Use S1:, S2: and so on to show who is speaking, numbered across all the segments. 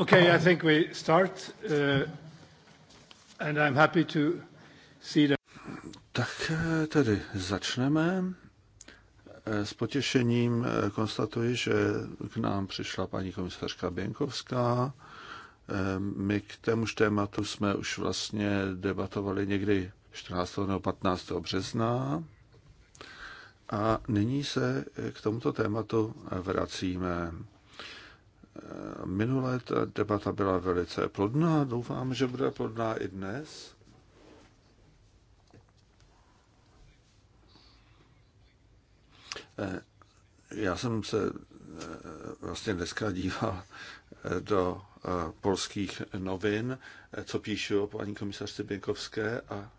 S1: Okay, I think we start, uh, and I'm happy to see that. Tak eh, tedy začneme.
S2: Eh, s potěšením eh, konstatuji, že k nám přišla paní komisařka Běnkovská. My k témuž tématu jsme už vlastně debatovali někdy 14. nebo 15. března. A nyní se k tomuto tématu vracíme. Minulé ta debata byla velice plodná, doufám, že bude plodná i dnes. Eh, já jsem se eh, vlastně dneska díval eh, do polských novin, co píšu o paní komisařce Běnkovské a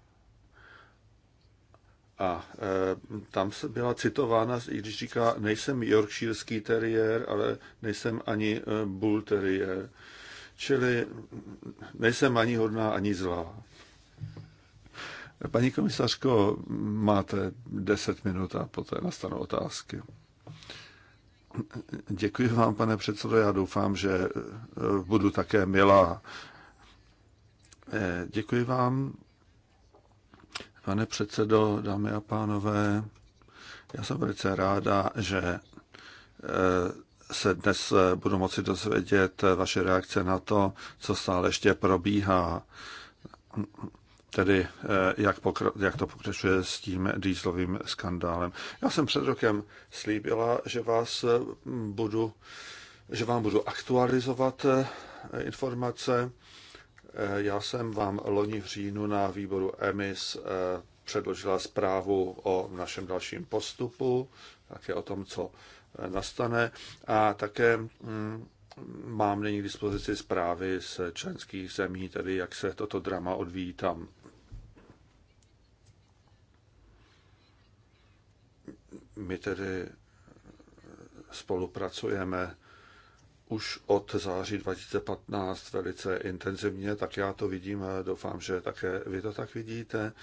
S2: a e, tam se byla citována, i když říká, nejsem yorkshireský teriér, ale nejsem ani e, bull teriér. Čili nejsem ani hodná, ani zlá. Paní komisařko, máte 10 minut a poté nastanou otázky. Děkuji vám, pane předsedo. Já doufám, že e, budu také milá. Děkuji vám. Pane předsedo, dámy a pánové, já jsem velice ráda, že eh, se dnes eh, budu moci dozvědět eh, vaše reakce na to, co stále ještě probíhá, tedy jak, pokra- jak to pokračuje s tím dýzlovým skandálem. Já jsem před rokem slíbila, že vás budu, že vám budu aktualizovat informace Eh, já jsem vám loni v říjnu na výboru EMIS eh, předložila zprávu o našem dalším postupu, také o tom, co eh, nastane. A také mm, mám nyní k dispozici zprávy z členských zemí, tedy jak se toto drama odvíjí tam. My tedy spolupracujeme už od září 2015 velice intenzivně, tak já to vidím doufám, že také vy to tak vidíte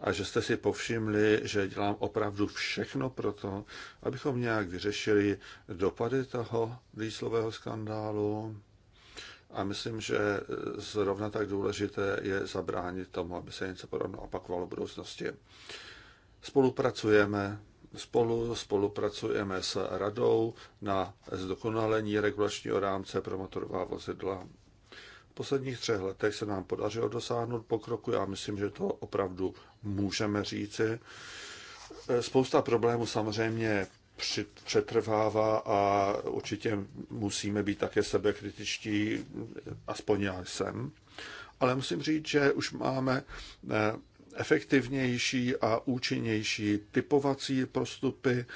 S2: a že jste si povšimli, že dělám opravdu všechno pro to, abychom nějak vyřešili dopady toho výslového skandálu a myslím, že zrovna tak důležité je zabránit tomu, aby se něco podobného opakovalo v budoucnosti. Spolupracujeme, Spolu spolupracujeme s radou na zdokonalení regulačního rámce pro motorová vozidla. V posledních třech letech se nám podařilo dosáhnout pokroku. Já myslím, že to opravdu můžeme říci. Spousta problémů samozřejmě přetrvává a určitě musíme být také sebekritičtí, aspoň já jsem. Ale musím říct, že už máme eh, efektivnější a účinnější typovací postupy,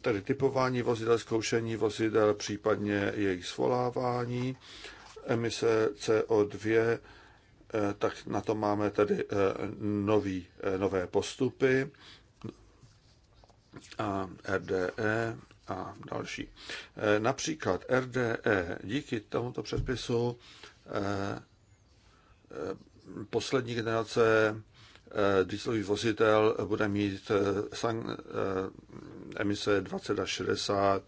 S2: tedy typování vozidel, zkoušení vozidel, případně jejich svolávání, emise CO2, eh, tak na to máme tedy eh, nový, eh, nové postupy a RDE a další. Například RDE díky tomuto předpisu poslední generace eh, dieselových vozitel bude mít eh, eh, emise 20 až 60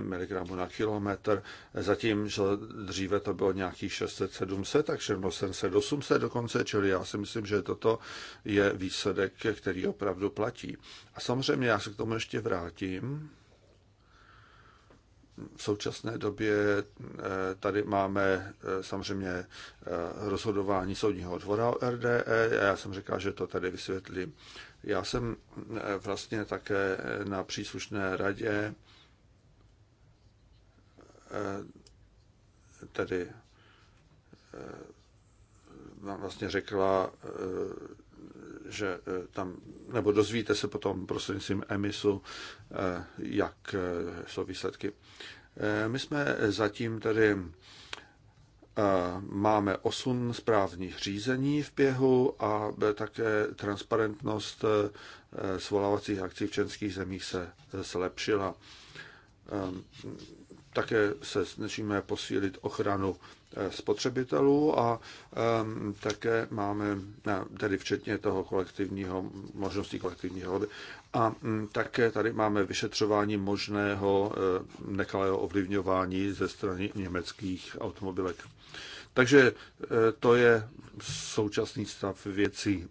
S2: mg na kilometr, zatímco dříve to bylo nějakých 600-700, takže 700-800 no, dokonce, čili já si myslím, že toto je výsledek, který opravdu platí. A samozřejmě já se k tomu ještě vrátím v současné době eh, tady máme eh, samozřejmě eh, rozhodování soudního dvora o RDE. Já jsem říkal, že to tady vysvětlím. Já jsem vlastně také na příslušné radě tedy vlastně řekla, že eh, tam, nebo dozvíte se potom prostřednictvím emisu, eh, jak eh, jsou výsledky. My jsme zatím tedy máme osun správních řízení v běhu a také transparentnost svolávacích akcí v českých zemích se zlepšila. Ehm, také se snažíme posílit ochranu Eh, spotřebitelů a ehm, také máme, eh, tedy včetně toho kolektivního, možností kolektivního hody, a mm, také tady máme vyšetřování možného eh, nekalého ovlivňování ze strany německých automobilek. Takže to je současný stav věcí.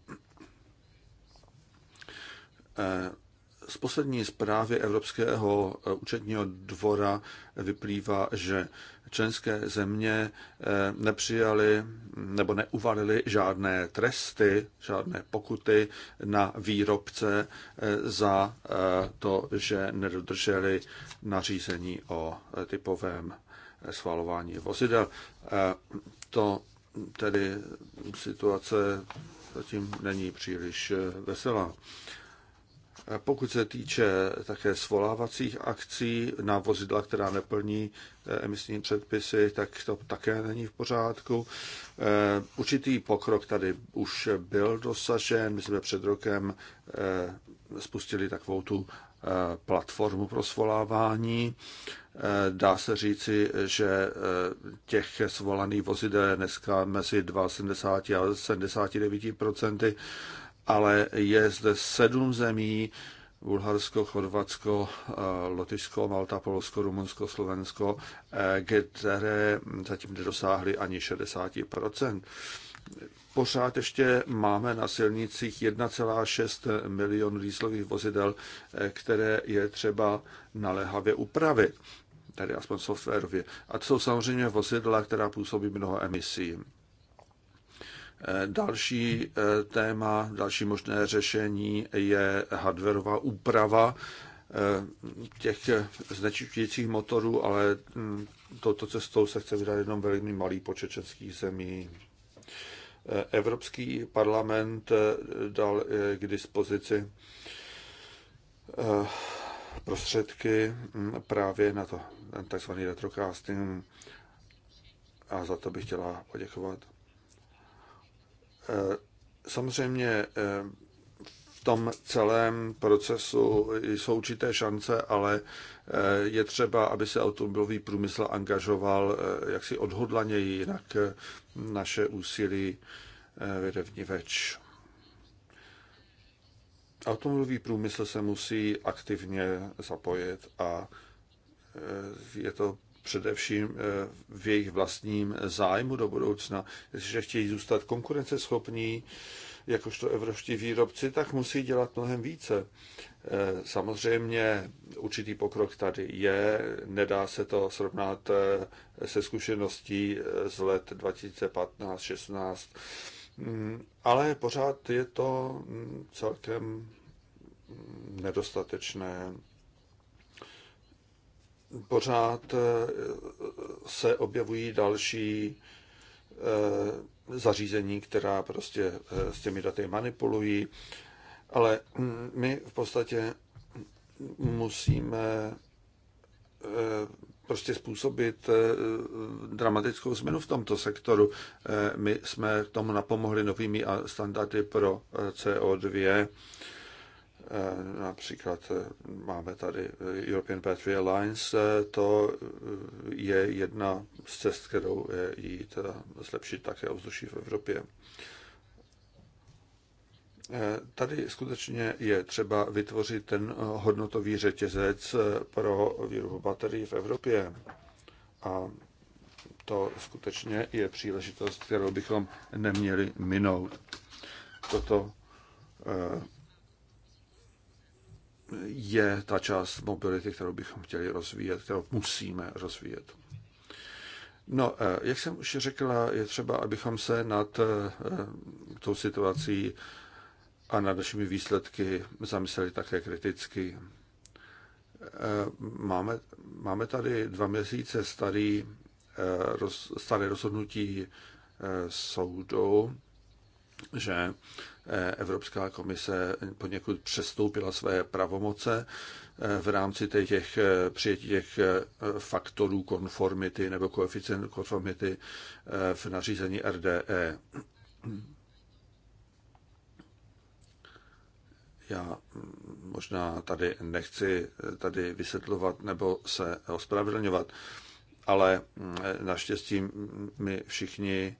S2: Z poslední zprávy Evropského eh, účetního dvora vyplývá, že členské země eh, nepřijali nebo neuvalili žádné tresty, žádné pokuty na výrobce eh, za to, že nedodrželi nařízení o typovém schvalování vozidel. To tedy situace zatím není příliš veselá. Pokud se týče také svolávacích akcí na vozidla, která neplní eh, emisní předpisy, tak to také není v pořádku. Eh, určitý pokrok tady už byl dosažen. My jsme před rokem eh, spustili takovou tu platformu pro svolávání. Dá se říci, že těch svolaných vozidel je dneska mezi 72 a 79 ale je zde sedm zemí, Bulharsko, Chorvatsko, eh, Lotyšsko, Malta, Polsko, Rumunsko, Slovensko, eh, které zatím nedosáhly ani 60%. Pořád ještě máme na silnicích 1,6 milion dýzlových vozidel, eh, které je třeba naléhavě upravit, tedy aspoň softwarově. A to jsou samozřejmě vozidla, která působí mnoho emisí. Další eh, téma, další možné řešení je hardwareová úprava eh, těch znečišťujících motorů, ale mm, touto cestou se chce vydat jenom velmi malý počet českých zemí. Eh, Evropský parlament dal k dispozici prostředky mm, právě na to, takzvaný retrocasting a za to bych chtěla poděkovat. Eh, samozřejmě eh, v tom celém procesu jsou určité šance, ale eh, je třeba, aby se automobilový průmysl angažoval jaksi odhodlaněji, jinak naše úsilí vede v ní več. Automobilový průmysl se musí aktivně zapojit a je to především eh, v jejich vlastním zájmu do budoucna. Jestliže chtějí zůstat konkurenceschopní, jakožto evropští výrobci, tak musí dělat mnohem více. Eh, samozřejmě určitý pokrok tady je, nedá se to srovnat eh, se zkušeností z let 2015-16, mm, ale pořád je to mm, celkem mm, nedostatečné pořád eh, se objevují další eh, zařízení, která prostě eh, s těmi daty manipulují, ale hm, my v podstatě musíme prostě způsobit dramatickou změnu v tomto sektoru. My jsme tomu napomohli novými standardy pro CO2 Eh, například eh, máme tady eh, European Battery Alliance, to je jedna z cest, kterou jí teda zlepšit také ovzduší v Evropě. Tady skutečně je třeba vytvořit ten hodnotový řetězec pro výrobu baterií v Evropě. A to skutečně je příležitost, kterou bychom neměli minout. Toto je ta část mobility, kterou bychom chtěli rozvíjet, kterou musíme rozvíjet. No, eh, jak jsem už řekla, je třeba, abychom se nad eh, tou situací a nad našimi výsledky zamysleli také kriticky. Eh, máme, máme tady dva měsíce starý, roz, staré rozhodnutí soudu že eh, Evropská komise poněkud přestoupila své pravomoce eh, v rámci těch eh, přijetí těch faktorů konformity nebo koeficient konformity v nařízení RDE. Já mm, možná tady nechci tady vysvětlovat nebo se ospravedlňovat, ale mm, naštěstí mm, my všichni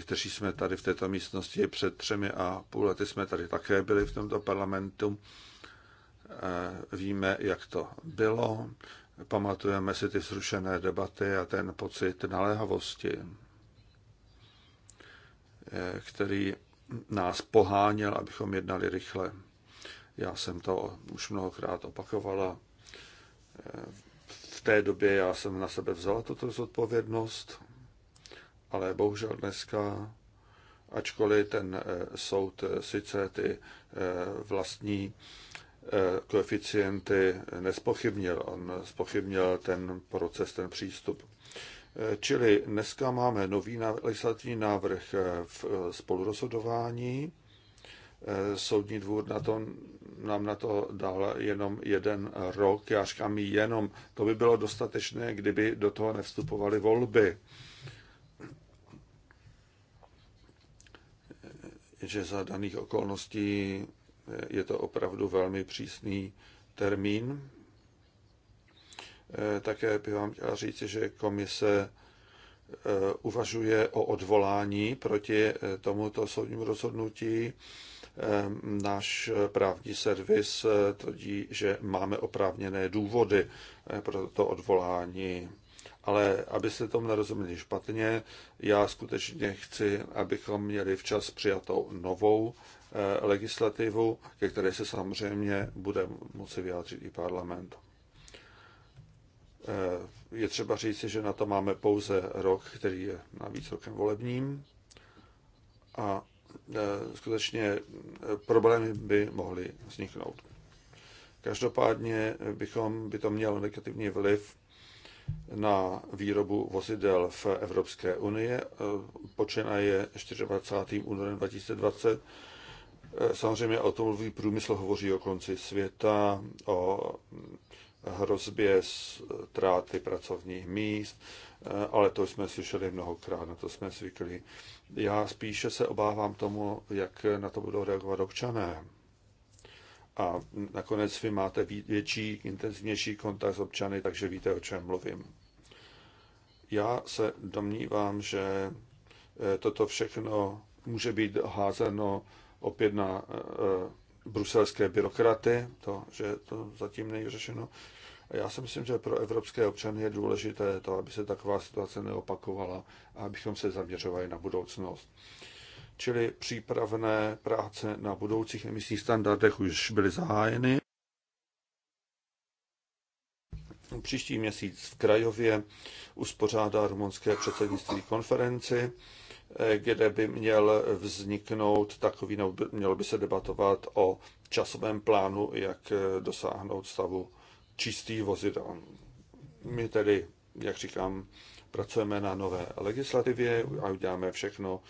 S2: kteří jsme tady v této místnosti před třemi a půl lety jsme tady také byli v tomto parlamentu. Eh, víme, jak to bylo. Pamatujeme si ty zrušené debaty a ten pocit naléhavosti, eh, který nás poháněl, abychom jednali rychle. Já jsem to už mnohokrát opakovala. Eh, v té době já jsem na sebe vzala tuto zodpovědnost ale bohužel dneska, ačkoliv ten eh, soud eh, sice ty eh, vlastní koeficienty nespochybnil, on spochybnil ten proces, ten přístup. Čili dneska máme nový legislativní návrh v spolurozhodování. Soudní dvůr na to, nám na to dal jenom jeden rok. Já říkám jenom, to by bylo dostatečné, kdyby do toho nevstupovaly volby. že za daných okolností je to opravdu velmi přísný termín. Eh, také bych vám chtěla říct, že komise eh, uvažuje o odvolání proti eh, tomuto soudnímu rozhodnutí. Náš právní servis tvrdí, že máme oprávněné důvody pro to odvolání ale aby se tomu nerozuměli špatně, já skutečně chci, abychom měli včas přijatou novou eh, legislativu, ke které se samozřejmě bude moci vyjádřit i parlament. Eh, je třeba říci, že na to máme pouze rok, který je navíc rokem volebním a eh, skutečně problémy by mohly vzniknout. Každopádně bychom, by to mělo negativní vliv na výrobu vozidel v Evropské unie. Počena je 24. únorem 2020. E, samozřejmě automobilový průmysl hovoří o konci světa, o hrozbě ztráty pracovních míst, e, ale to jsme slyšeli mnohokrát, na to jsme zvykli. Já spíše se obávám tomu, jak na to budou reagovat občané a nakonec vy máte větší, intenzivnější kontakt s občany, takže víte, o čem mluvím. Já se domnívám, že eh, toto všechno může být házeno opět na eh, eh, bruselské byrokraty, to, že to zatím není řešeno. Já si myslím, že pro evropské občany je důležité to, aby se taková situace neopakovala a abychom se zaměřovali na budoucnost čili přípravné práce na budoucích emisních standardech už byly zahájeny. Příští měsíc v Krajově uspořádá rumunské předsednictví konferenci, kde by měl vzniknout takový, nebo mělo by se debatovat o časovém plánu, jak dosáhnout stavu čistých vozidel. My tedy, jak říkám, pracujeme na nové legislativě a uděláme všechno,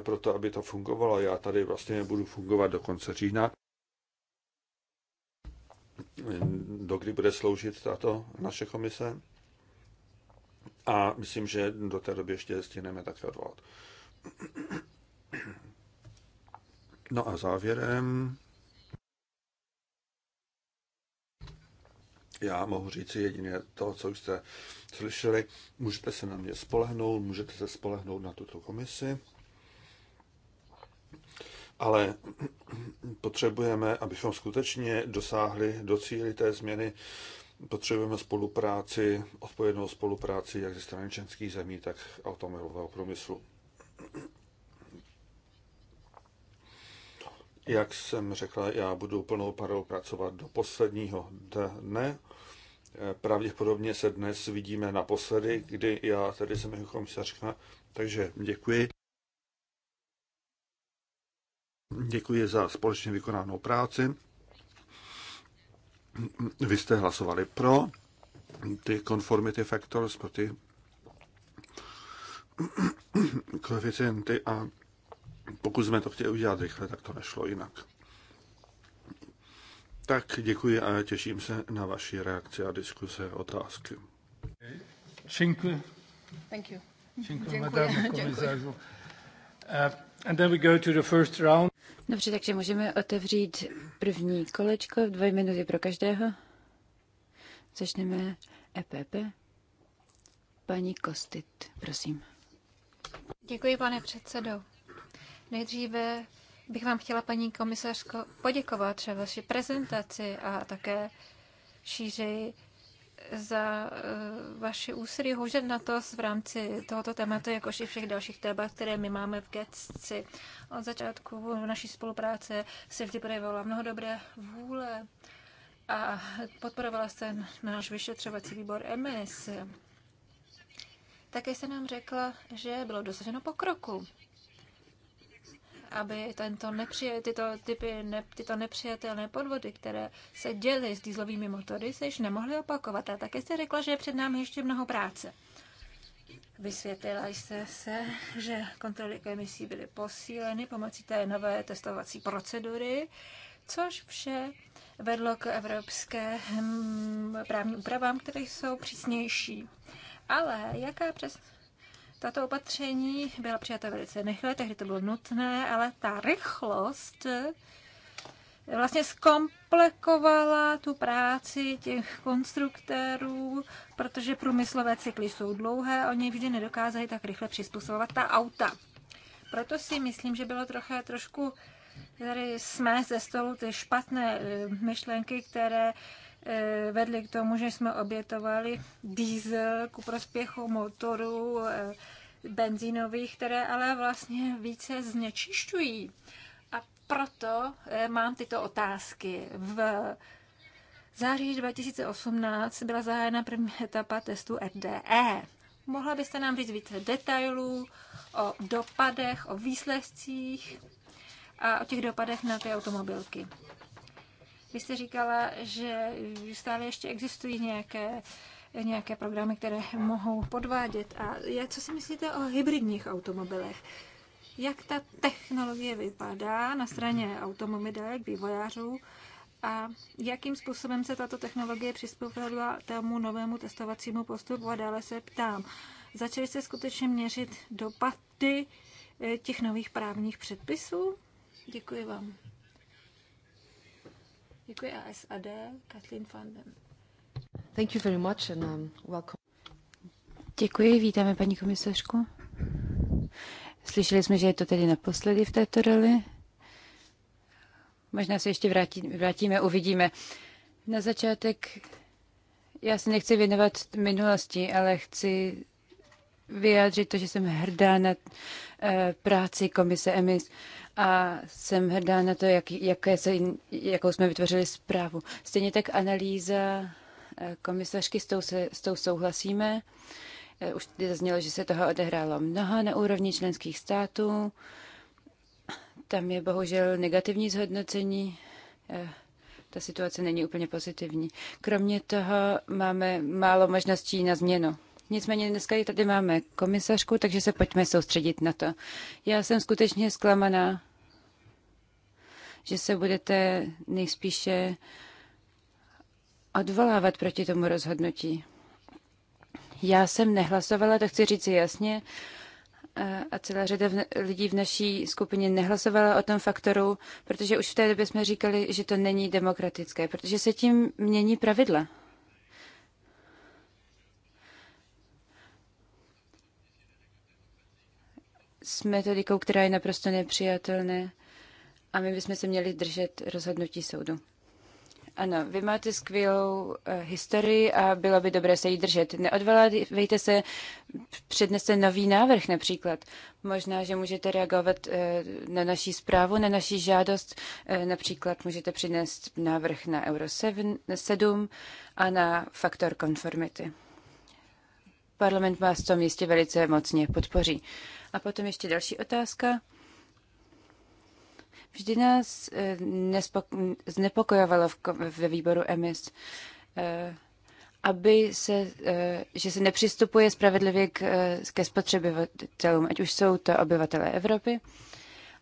S2: pro to, aby to fungovalo. Já tady vlastně nebudu fungovat do konce října, dokdy bude sloužit tato naše komise. A myslím, že do té doby ještě stihneme také odvolat. No a závěrem já mohu říci jedině to, co jste slyšeli. Můžete se na mě spolehnout, můžete se spolehnout na tuto komisi ale potřebujeme, abychom skutečně dosáhli do cíly té změny, potřebujeme spolupráci, odpovědnou spolupráci jak ze strany členských zemí, tak automobilového průmyslu. Jak jsem řekla, já budu plnou parou pracovat do posledního dne. Pravděpodobně se dnes vidíme naposledy, kdy já tady jsem jako komisařka, takže děkuji. Děkuji za společně vykonanou práci. Vy jste hlasovali pro ty conformity factors, pro ty koeficienty a pokud jsme to chtěli udělat rychle, tak to nešlo jinak. Tak děkuji a těším se na vaši reakci a diskuse, otázky.
S1: Dziękuję. Thank you. Dziękuję, Madame uh, and then we go to the first round.
S3: Dobře, takže můžeme otevřít první kolečko, dvě minuty pro každého. Začneme EPP. Paní Kostit, prosím.
S4: Děkuji, pane předsedo. Nejdříve bych vám chtěla, paní komisařko, poděkovat za vaši prezentaci a také šíři za eh, vaši úsilí houžet na to v rámci tohoto tématu, jakož i všech dalších témat, které my máme v GECCI. Od začátku naší spolupráce se vždy projevovala mnoho dobré vůle a podporovala se náš vyšetřovací výbor MS. Také se nám řekla, že bylo dosaženo pokroku aby tento nepřijet, tyto, typy, ne, tyto nepřijatelné podvody, které se děly s dýzlovými motory, se již nemohly opakovat. A také jste řekla, že je před námi ještě mnoho práce. Vysvětlila jste se, že kontroly emisí byly posíleny pomocí té nové testovací procedury, což vše vedlo k evropské hm, právním úpravám, které jsou přísnější. Ale jaká přes tato opatření byla přijata velice rychle, tehdy to bylo nutné, ale ta rychlost eh, vlastně zkomplikovala tu práci těch konstruktérů, protože průmyslové cykly jsou dlouhé, oni vždy nedokázali tak rychle přizpůsobovat ta auta. Proto si myslím, že bylo trochu, trošku tady jsme ze stolu ty špatné eh, myšlenky, které Eh, vedly k tomu, že jsme obětovali diesel ku prospěchu motorů eh, benzínových, které ale vlastně více znečišťují. A proto eh, mám tyto otázky. V září 2018 byla zahájena první etapa testu RDE. Mohla byste nám říct více detailů o dopadech, o výsledcích a o těch dopadech na ty automobilky? Vy jste říkala, že stále ještě existují nějaké nějaké programy, které mohou podvádět. A je, co si myslíte o hybridních automobilech? Jak ta technologie vypadá na straně automobilek, vývojářů a jakým způsobem se tato technologie přizpůsobila tomu novému testovacímu postupu? A dále se ptám, začaly se skutečně měřit dopady eh, těch nových právních předpisů? Děkuji vám. Děkuji a SAD, Kathleen Fanden.
S3: Thank you very much and um, welcome. Děkuji, vítáme paní komisařku. Slyšeli jsme, že je to tedy naposledy v této roli. Možná se ještě vrátí, vrátíme, uvidíme. Na začátek já se nechci věnovat minulosti, ale chci vyjádřit to, že jsem hrdá na eh, práci komise EMIS a jsem hrdá na to, jak, jaké se, jakou jsme vytvořili zprávu. Stejně tak analýza eh, komisařky, s tou, se, s tou souhlasíme. Eh, už tady zaznělo, že se toho odehrálo mnoho na úrovni členských států. Tam je bohužel negativní zhodnocení. Ta situace není úplně pozitivní. Kromě toho máme málo možností na změnu. Nicméně dneska ji tady máme komisařku, takže se pojďme soustředit na to. Já jsem skutečně zklamaná, že se budete nejspíše odvolávat proti tomu rozhodnutí. Já jsem nehlasovala, to chci říct jasně, a celá řada lidí v naší skupině nehlasovala o tom faktoru, protože už v té době jsme říkali, že to není demokratické, protože se tím mění pravidla. s metodikou, která je naprosto nepřijatelná a my bychom se měli držet rozhodnutí soudu. Ano, vy máte skvělou uh, historii a bylo by dobré se jí držet. Neodvolávejte se, předneste nový návrh například. Možná, že můžete reagovat uh, na naší zprávu, na naší žádost. Uh, například můžete přinést návrh na Euro 7, 7 a na faktor konformity. Parlament vás v tom jistě velice mocně podpoří. A potom ještě další otázka. Vždy nás eh, znepokojovalo ve výboru EMIS, eh, aby se, eh, že se nepřistupuje spravedlivě k, ke spotřebitelům, ať už jsou to obyvatelé Evropy,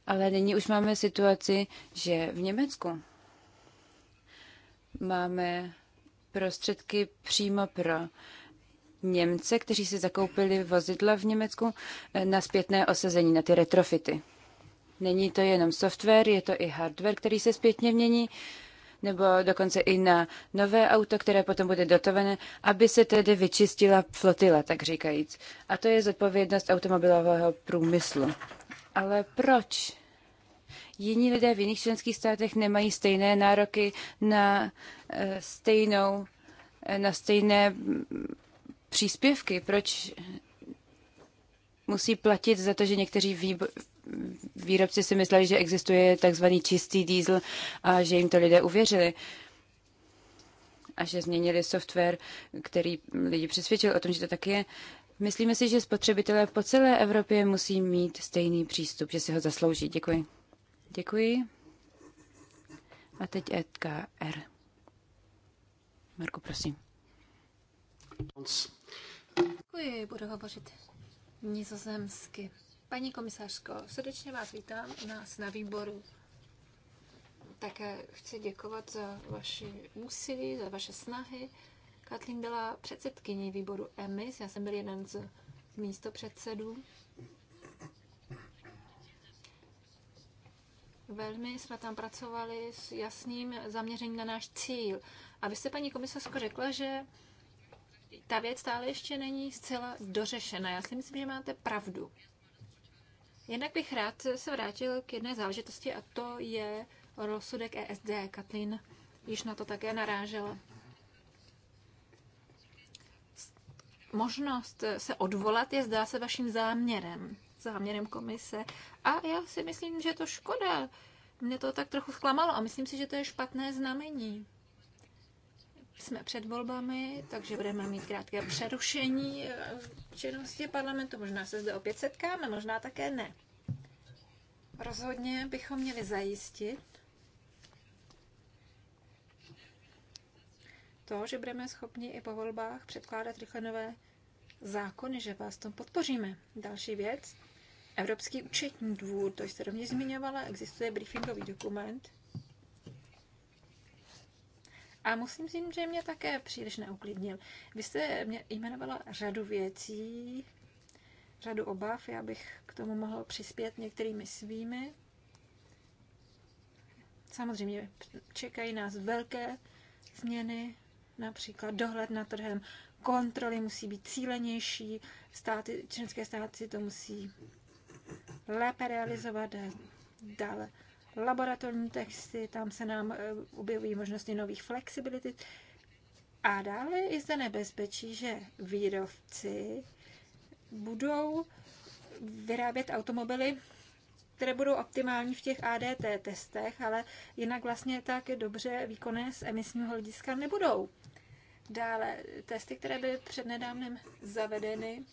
S3: ale nyní už máme situaci, že v Německu máme prostředky přímo pro Němce, kteří si zakoupili vozidla v Německu eh, na zpětné osazení, na ty retrofity. Není to jenom software, je to i hardware, který se zpětně mění, nebo dokonce i na nové auto, které potom bude dotované, aby se tedy vyčistila flotila, tak říkajíc. A to je zodpovědnost automobilového průmyslu. Ale proč jiní lidé v jiných členských státech nemají stejné nároky na eh, stejnou eh, na stejné příspěvky, proč musí platit za to, že někteří výrobci si mysleli, že existuje takzvaný čistý diesel a že jim to lidé uvěřili a že změnili software, který lidi přesvědčil o tom, že to tak je. Myslíme si, že spotřebitelé po celé Evropě musí mít stejný přístup, že si ho zaslouží. Děkuji. Děkuji. A teď EKR. Marku, prosím.
S4: Děkuji, budu hovořit nizozemsky. Paní komisařko, srdečně vás vítám u nás na výboru. Také chci děkovat za vaši úsilí, za vaše snahy. Katlin byla předsedkyní výboru EMIS, já jsem byl jeden z místopředsedů. Velmi jsme tam pracovali s jasným zaměřením na náš cíl. A vy jste, paní komisařko, řekla, že ta věc stále ještě není zcela dořešena. Já si myslím, že máte pravdu. Jednak bych rád se vrátil k jedné záležitosti a to je rozsudek ESD. Katlin již na to také narážela. Možnost se odvolat je zdá se vaším záměrem, záměrem komise. A já si myslím, že je to škoda. Mě to tak trochu zklamalo a myslím si, že to je špatné znamení. Jsme před volbami, takže budeme mít krátké přerušení eh, činnosti parlamentu. Možná se zde opět setkáme, možná také ne. Rozhodně bychom měli zajistit, to, že budeme schopni i po volbách předkládat rychle nové zákony, že vás tom podpoříme. Další věc, Evropský účetní dvůr, to jste rovněž zmiňovala, existuje briefingový dokument, a musím říct, že mě také příliš neuklidnil. Vy jste mě jmenovala řadu věcí, řadu obav, já bych k tomu mohl přispět některými svými. Samozřejmě čekají nás velké změny, například dohled na trhem, kontroly musí být cílenější, státy, členské státy to musí lépe realizovat dále laboratorní texty, tam se nám eh, objevují možnosti nových flexibility. A dále je zde nebezpečí, že výrobci budou vyrábět automobily, které budou optimální v těch ADT testech, ale jinak vlastně tak dobře výkonné z emisního hlediska nebudou. Dále testy, které byly přednedávnem zavedeny,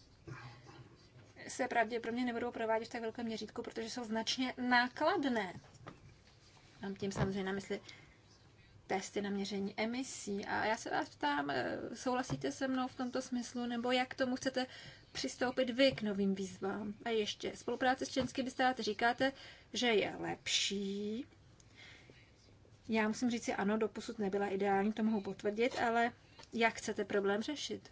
S4: se pravděpodobně nebudou provádět v tak velkém měřítku, protože jsou značně nákladné. Mám tím samozřejmě na mysli testy na měření emisí. A já se vás ptám, eh, souhlasíte se mnou v tomto smyslu, nebo jak tomu chcete přistoupit vy k novým výzvám? A ještě, spolupráce s členskými státy říkáte, že je lepší. Já musím říct, si, ano, doposud nebyla ideální, to mohu potvrdit, ale jak chcete problém řešit?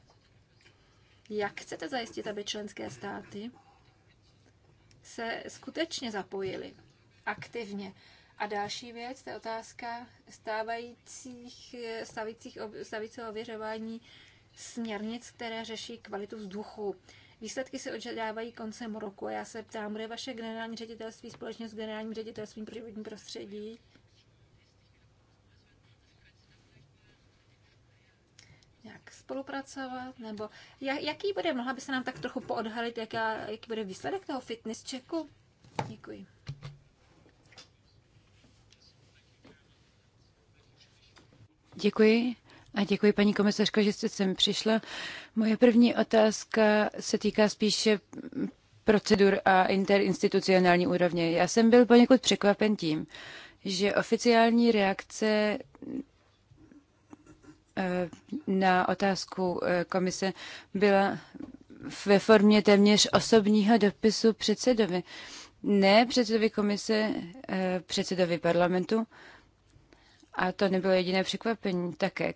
S4: Jak chcete zajistit, aby členské státy se skutečně zapojily aktivně? A další věc, to je otázka stávajících, stávajících, stávajícího ověřování směrnic, které řeší kvalitu vzduchu. Výsledky se očekávají koncem roku a já se ptám, bude vaše generální ředitelství společně s generálním ředitelstvím pro životní prostředí Jak spolupracovat, nebo jaký bude, mohla by se nám tak trochu poodhalit, jaká, jaký bude výsledek toho fitness checku? Děkuji.
S3: Děkuji. A děkuji, paní komisařko, že jste sem přišla. Moje první otázka se týká spíše procedur a interinstitucionální úrovně. Já jsem byl poněkud překvapen tím, že oficiální reakce eh, na otázku eh, komise byla ve formě téměř osobního dopisu předsedovi. Ne předsedovi komise, eh, předsedovi parlamentu, a to nebylo jediné překvapení. Také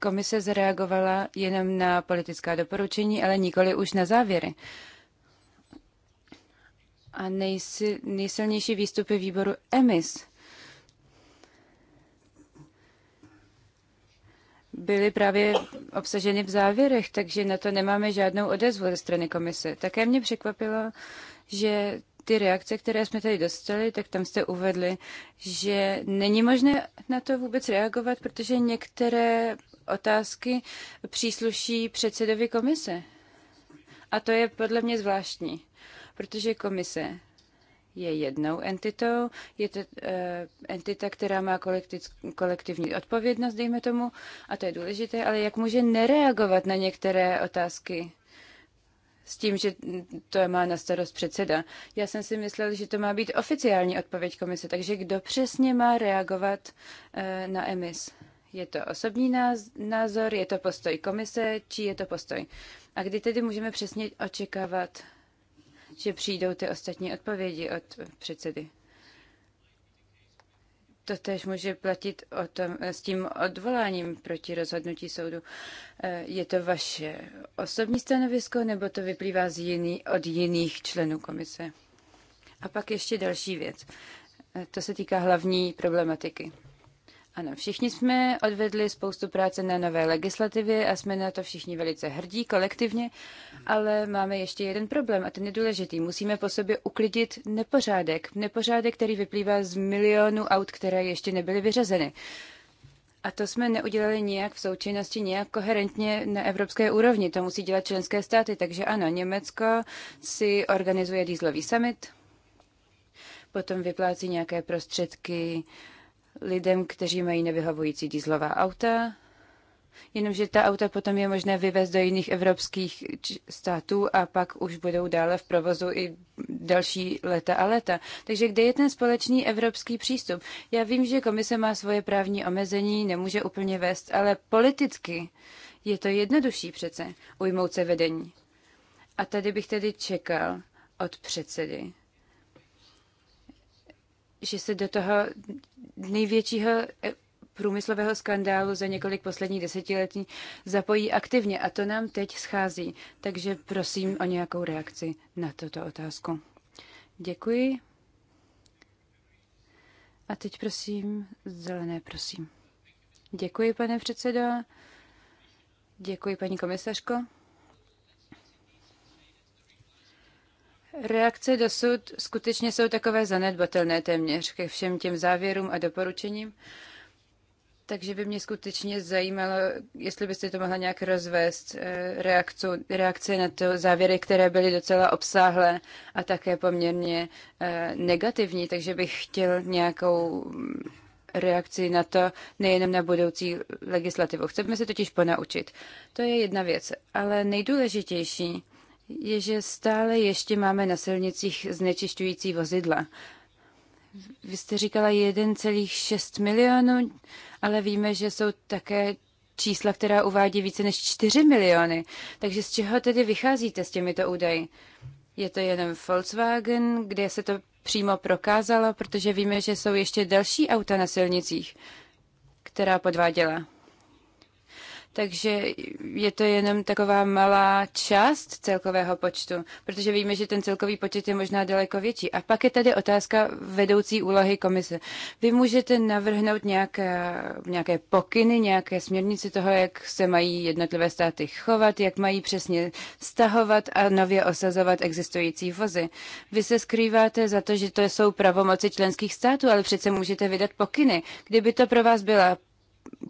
S3: komise zareagovala jenom na politická doporučení, ale nikoli už na závěry. A nejsi, nejsilnější výstupy výboru EMIS byly právě obsaženy v závěrech, takže na to nemáme žádnou odezvu ze strany komise. Také mě překvapilo, že ty reakce, které jsme tady dostali, tak tam jste uvedli, že není možné na to vůbec reagovat, protože některé otázky přísluší předsedovi komise. A to je podle mě zvláštní, protože komise je jednou entitou, je to uh, entita, která má kolektivní odpovědnost, dejme tomu, a to je důležité, ale jak může nereagovat na některé otázky s tím, že to má na starost předseda. Já jsem si myslel, že to má být oficiální odpověď komise, takže kdo přesně má reagovat eh, na emis? Je to osobní názor, je to postoj komise, či je to postoj? A kdy tedy můžeme přesně očekávat, že přijdou ty ostatní odpovědi od předsedy? to tež může platit o tom, eh, s tím odvoláním proti rozhodnutí soudu. Eh, je to vaše osobní stanovisko, nebo to vyplývá z jiný, od jiných členů komise? A pak ještě další věc. Eh, to se týká hlavní problematiky. Ano, všichni jsme odvedli spoustu práce na nové legislativě a jsme na to všichni velice hrdí kolektivně, ale máme ještě jeden problém a ten je důležitý. Musíme po sobě uklidit nepořádek. Nepořádek, který vyplývá z milionů aut, které ještě nebyly vyřazeny. A to jsme neudělali nijak v součinnosti, nijak koherentně na evropské úrovni. To musí dělat členské státy. Takže ano, Německo si organizuje dýzlový summit, potom vyplácí nějaké prostředky uh, lidem, kteří mají nevyhovující dýzlová auta, jenomže ta auta potom je možné vyvést do jiných evropských států a pak už budou dále v provozu i další leta a leta. Takže kde je ten společný evropský přístup? Já vím, že komise má svoje právní omezení, nemůže úplně vést, ale politicky je to jednodušší přece ujmout se vedení. A tady bych tedy čekal od předsedy, že se do toho největšího eh, průmyslového skandálu za několik posledních desetiletí zapojí aktivně a to nám teď schází. Takže prosím o nějakou reakci na tuto otázku. Děkuji. A teď prosím, zelené prosím. Děkuji, pane předsedo. Děkuji, paní komisařko. Reakce dosud skutečně jsou takové zanedbatelné téměř ke všem těm závěrům a doporučením. Takže by mě skutečně zajímalo, jestli byste to mohla nějak rozvést, eh, reakci, reakce na to závěry, které byly docela obsáhlé a také poměrně eh, negativní, takže bych chtěl nějakou mm, reakci na to, nejenom na budoucí legislativu. Chceme se totiž ponaučit. To je jedna věc. Ale nejdůležitější je, že stále ještě máme na silnicích znečišťující vozidla. Vy jste říkala 1,6 milionů, ale víme, že jsou také čísla, která uvádí více než 4 miliony. Takže z čeho tedy vycházíte s těmito údaji? Je to jenom Volkswagen, kde se to přímo prokázalo, protože víme, že jsou ještě další auta na silnicích, která podváděla takže je to jenom taková malá část celkového počtu, protože víme, že ten celkový počet je možná daleko větší. A pak je tady otázka vedoucí úlohy komise. Vy můžete navrhnout nějaké, nějaké pokyny, nějaké směrnice toho, jak se mají jednotlivé státy chovat, jak mají přesně stahovat a nově osazovat existující vozy. Vy se skrýváte za to, že to jsou pravomoci členských států, ale přece můžete vydat pokyny. Kdyby to pro vás byla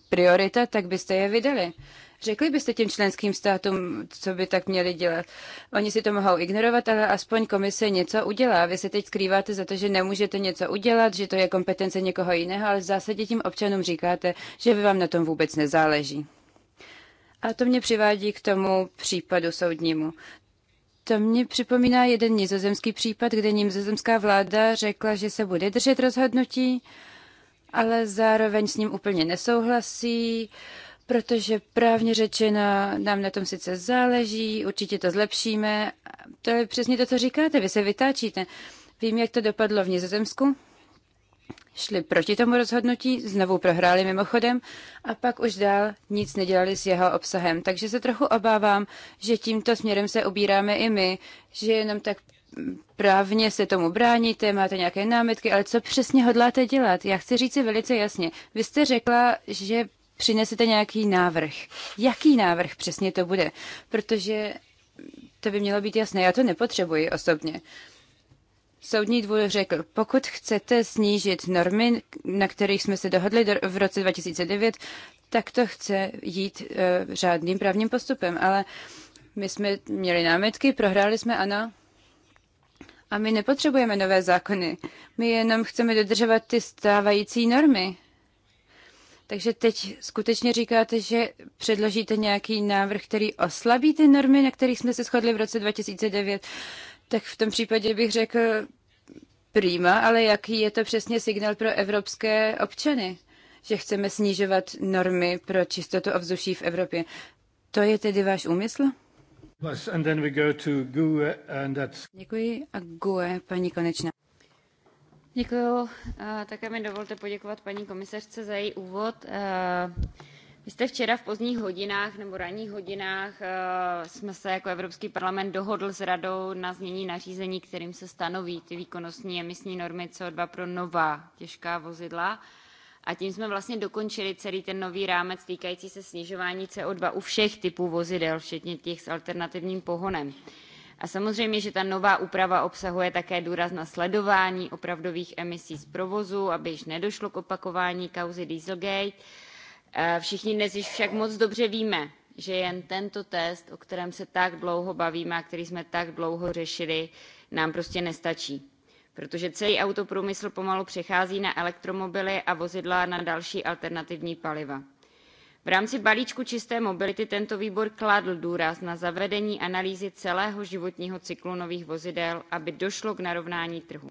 S3: priorita, tak byste je vydali. Řekli byste těm členským státům, co by tak měli dělat? Oni si to mohou ignorovat, ale aspoň komise něco udělá. Vy se teď skrýváte za to, že nemůžete něco udělat, že to je kompetence někoho jiného, ale v zásadě tím občanům říkáte, že vy vám na tom vůbec nezáleží. A to mě přivádí k tomu případu soudnímu. To mě připomíná jeden nizozemský případ, kde nizozemská vláda řekla, že se bude držet rozhodnutí, ale zároveň s ním úplně nesouhlasí, protože právně řečeno nám na tom sice záleží, určitě to zlepšíme. To je přesně to, co říkáte, vy se vytáčíte. Vím, jak to dopadlo v Nizozemsku. Šli proti tomu rozhodnutí, znovu prohráli mimochodem a pak už dál nic nedělali s jeho obsahem. Takže se trochu obávám, že tímto směrem se obíráme i my, že jenom tak právně se tomu bráníte, máte nějaké námitky, ale co přesně hodláte dělat? Já chci říct si velice jasně. Vy jste řekla, že přinesete nějaký návrh. Jaký návrh přesně to bude? Protože to by mělo být jasné. Já to nepotřebuji osobně. Soudní dvůr řekl, pokud chcete snížit normy, na kterých jsme se dohodli v roce 2009, tak to chce jít uh, řádným právním postupem. Ale my jsme měli námitky, prohráli jsme, ano, a my nepotřebujeme nové zákony. My jenom chceme dodržovat ty stávající normy. Takže teď skutečně říkáte, že předložíte nějaký návrh, který oslabí ty normy, na kterých jsme se shodli v roce 2009. Tak v tom případě bych řekl prýma, ale jaký je to přesně signál pro evropské občany, že chceme snižovat normy pro čistotu ovzduší v Evropě. To je tedy váš úmysl?
S5: Děkuji a
S1: GUE, paní Konečná.
S5: Děkuji. Také mi dovolte poděkovat paní komisařce za její úvod. Vy jste včera v pozdních hodinách nebo ranních hodinách jsme se jako Evropský parlament dohodl s radou na změní nařízení, kterým se stanoví ty výkonnostní emisní normy CO2 pro nová těžká vozidla a tím jsme vlastně dokončili celý ten nový rámec týkající se snižování CO2 u všech typů vozidel, včetně těch s alternativním pohonem. A samozřejmě, že ta nová úprava obsahuje také důraz na sledování opravdových emisí z provozu, aby již nedošlo k opakování kauzy Dieselgate. Eh, všichni dnes již však moc dobře víme, že jen tento test, o kterém se tak dlouho bavíme a který jsme tak dlouho řešili, nám prostě nestačí protože celý autoprůmysl pomalu přechází na elektromobily a vozidla na další alternativní paliva. V rámci balíčku čisté mobility tento výbor kladl důraz na zavedení analýzy celého životního cyklu nových vozidel, aby došlo k narovnání trhu.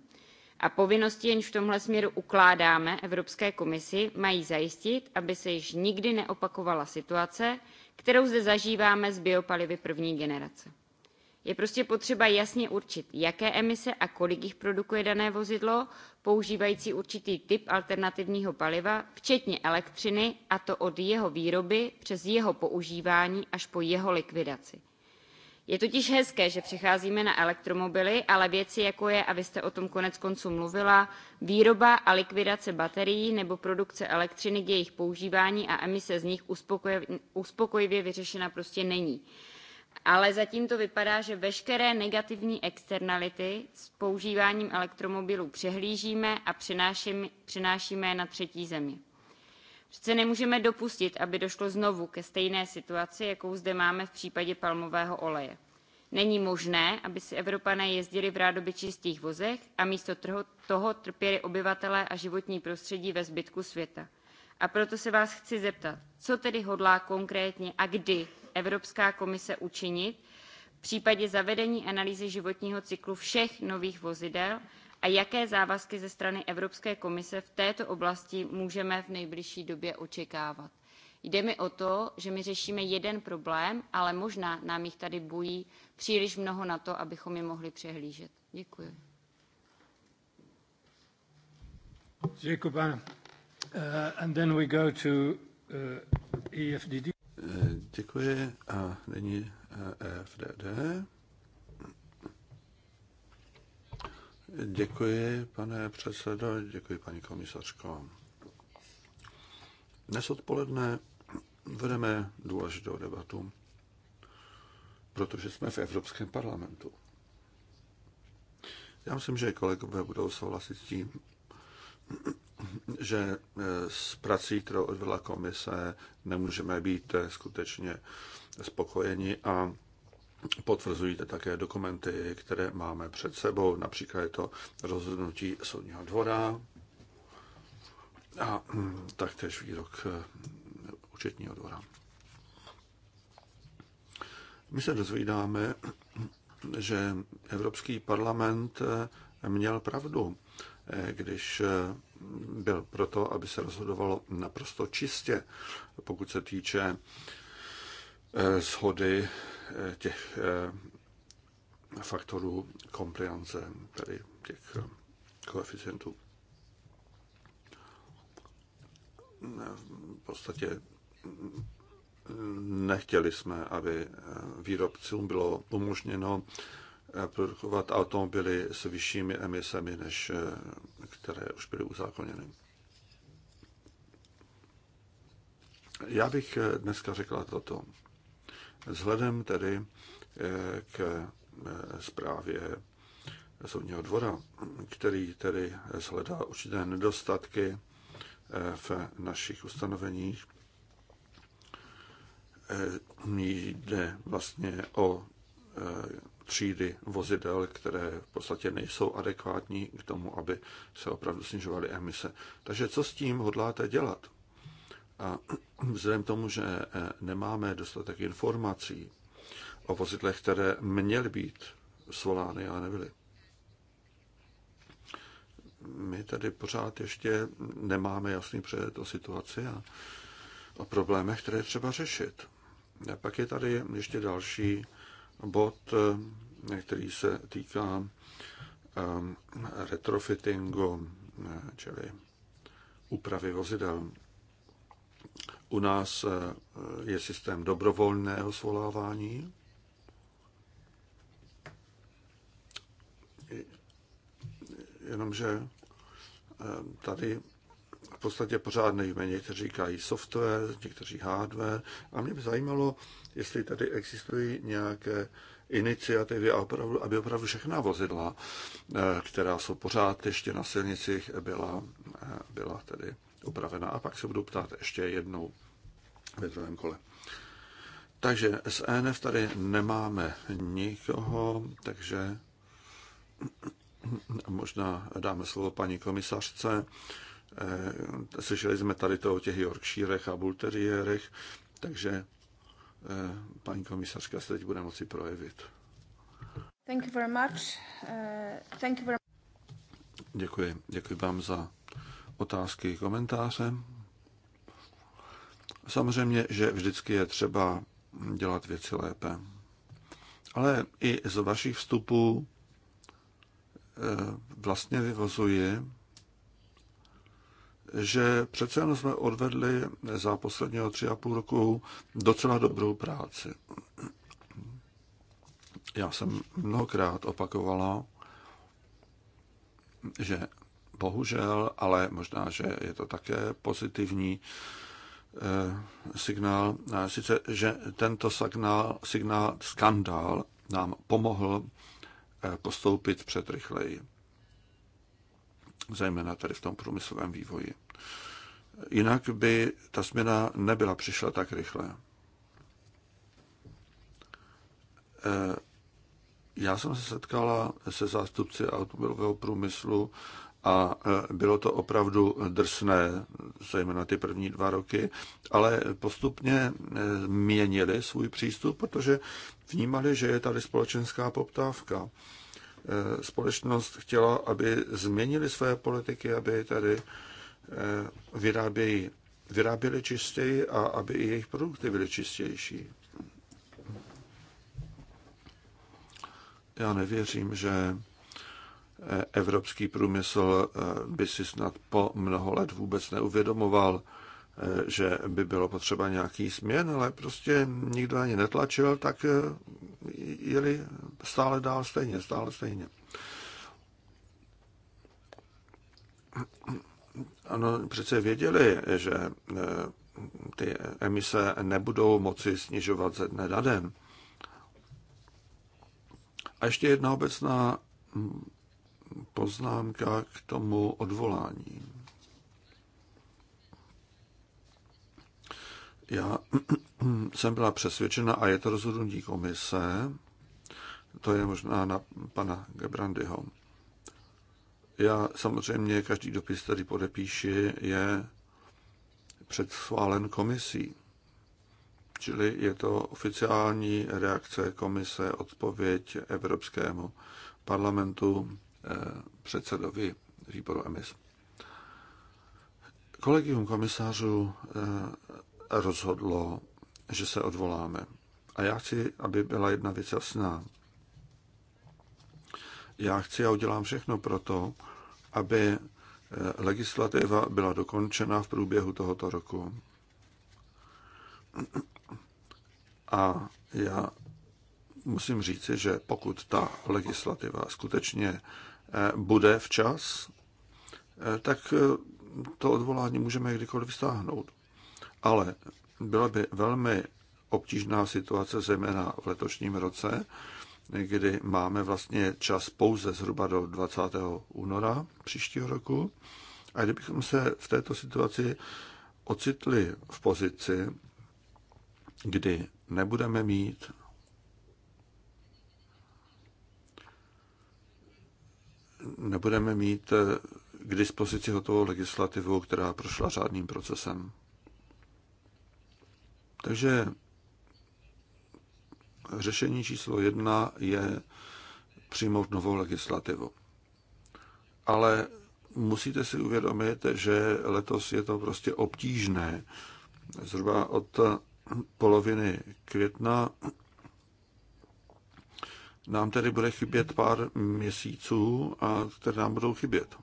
S5: A povinnosti, jenž v tomhle směru ukládáme Evropské komisi, mají zajistit, aby se již nikdy neopakovala situace, kterou zde zažíváme s biopalivy první generace. Je prostě potřeba jasně určit, jaké emise a kolik jich produkuje dané vozidlo, používající určitý typ alternativního paliva, včetně elektřiny, a to od jeho výroby přes jeho používání až po jeho likvidaci. Je totiž hezké, že přecházíme na elektromobily, ale věci jako je, a vy jste o tom konec konců mluvila, výroba a likvidace baterií nebo produkce elektřiny k jejich používání a emise z nich uspokojivě vyřešena prostě není ale zatím to vypadá, že veškeré negativní externality s používáním elektromobilů přehlížíme a přenášíme, je na třetí země. Přece nemůžeme dopustit, aby došlo znovu ke stejné situaci, jakou zde máme v případě palmového oleje. Není možné, aby si Evropané jezdili v rádoby čistých vozech a místo toho trpěli obyvatelé a životní prostředí ve zbytku světa. A proto se vás chci zeptat, co tedy hodlá konkrétně a kdy Evropská komise učinit v případě zavedení analýzy životního cyklu všech nových vozidel a jaké závazky ze strany Evropské komise v této oblasti můžeme v nejbližší době očekávat. Jde mi o to, že my řešíme jeden problém, ale možná nám jich tady bují příliš mnoho na to, abychom je mohli přehlížet. Děkuji.
S1: Děkuji, uh, and then we go to uh, eh, EFDD. Děkuji a nyní EFDD.
S2: Eh, e děkuji, pane předsedo, děkuji, paní komisařko. Dnes odpoledne vedeme důležitou debatu, protože jsme v Evropském parlamentu. Já myslím, že kolegové budou souhlasit s tím, že eh, s prací, kterou odvedla komise, nemůžeme být eh, skutečně spokojeni a potvrzují to také dokumenty, které máme před sebou, například je to rozhodnutí soudního dvora a hm, taktéž výrok eh, účetního dvora. My se dozvídáme, že Evropský parlament měl pravdu když eh, byl proto, aby se rozhodovalo naprosto čistě, pokud se týče eh, shody eh, těch faktorů komplianze, tedy těch koeficientů. V podstatě nechtěli jsme, aby výrobcům bylo umožněno produkovat automobily s vyššími emisemi, než eh, které už byly uzákoněny. Já bych eh, dneska řekla toto. Vzhledem tedy eh, k zprávě soudního dvora, který tedy shledá určité nedostatky v našich ustanoveních, jde vlastně o třídy vozidel, které v podstatě nejsou adekvátní k tomu, aby se opravdu snižovaly emise. Takže co s tím hodláte dělat? A vzhledem k tomu, že eh, nemáme dostatek informací o vozidlech, které měly být svolány, ale nebyly. My tady pořád ještě nemáme jasný přehled o situaci a o problémech, které třeba řešit. A pak je tady ještě další bod, eh, který se týká eh, retrofittingu, eh, čili úpravy vozidel. U nás je systém dobrovolného svolávání. Jenomže tady podstatě pořád nevíme. Někteří říkají software, někteří hardware. A mě by zajímalo, jestli tady existují nějaké iniciativy, aby opravdu všechna vozidla, eh, která jsou pořád ještě na silnicích, byla, eh, byla tedy upravena. A pak se budu ptát ještě jednou ve druhém kole. Takže SNF e tady nemáme nikoho, takže možná dáme slovo paní komisařce Eh, slyšeli jsme tady to o těch Yorkshirech a Bulteriérech, takže eh, paní komisařka se teď bude moci projevit.
S4: Thank you very much. Uh, thank you very...
S2: Děkuji. Děkuji vám za otázky, komentáře. Samozřejmě, že vždycky je třeba dělat věci lépe. Ale i z vašich vstupů vlastně vyvozuji, že přece jenom jsme odvedli za posledního tři a půl roku docela dobrou práci. Já jsem mnohokrát opakovala, že bohužel, ale možná, že je to také pozitivní eh, signál, sice, že tento signál, signál skandál nám pomohl eh, postoupit před rychleji, zejména tady v tom průmyslovém vývoji. Jinak by ta změna nebyla přišla tak rychle. Eh, já jsem se setkala se zástupci automobilového průmyslu a eh, bylo to opravdu drsné, zejména ty první dva roky, ale postupně eh, měnili svůj přístup, protože vnímali, že je tady společenská poptávka. Společnost chtěla, aby změnili své politiky, aby tady Eh, vyrábějí, vyráběli čistěji a aby i jejich produkty byly čistější. Já nevěřím, že eh, evropský průmysl eh, by si snad po mnoho let vůbec neuvědomoval, že by bylo potřeba nějaký změn, ale prostě nikdo ani netlačil, tak jeli stále dál stejně, stále stejně ano, přece věděli, že e, ty emise nebudou moci snižovat ze dne na den. A ještě jedna obecná poznámka k tomu odvolání. Já jsem byla přesvědčena, a je to rozhodnutí komise, to je možná na pana Gebrandyho, já samozřejmě každý dopis, který podepíši, je předschválen komisí. Čili je to oficiální reakce komise, odpověď Evropskému parlamentu, eh, předsedovi výboru EMIS. Kolegium komisářů eh, rozhodlo, že se odvoláme. A já chci, aby byla jedna věc jasná. Já chci a udělám všechno pro to, aby eh, legislativa byla dokončena v průběhu tohoto roku. A já musím říci, že pokud ta legislativa skutečně eh, bude včas, eh, tak to odvolání můžeme kdykoliv vystáhnout. Ale byla by velmi obtížná situace, zejména v letošním roce, kdy máme vlastně čas pouze zhruba do 20. února příštího roku. A kdybychom se v této situaci ocitli v pozici, kdy nebudeme mít nebudeme mít eh, k dispozici hotovou legislativu, která prošla řádným procesem. Takže řešení číslo jedna je přijmout novou legislativu. Ale musíte si uvědomit, že letos je to prostě obtížné. Zhruba od poloviny května nám tedy bude chybět pár měsíců, a které nám budou chybět.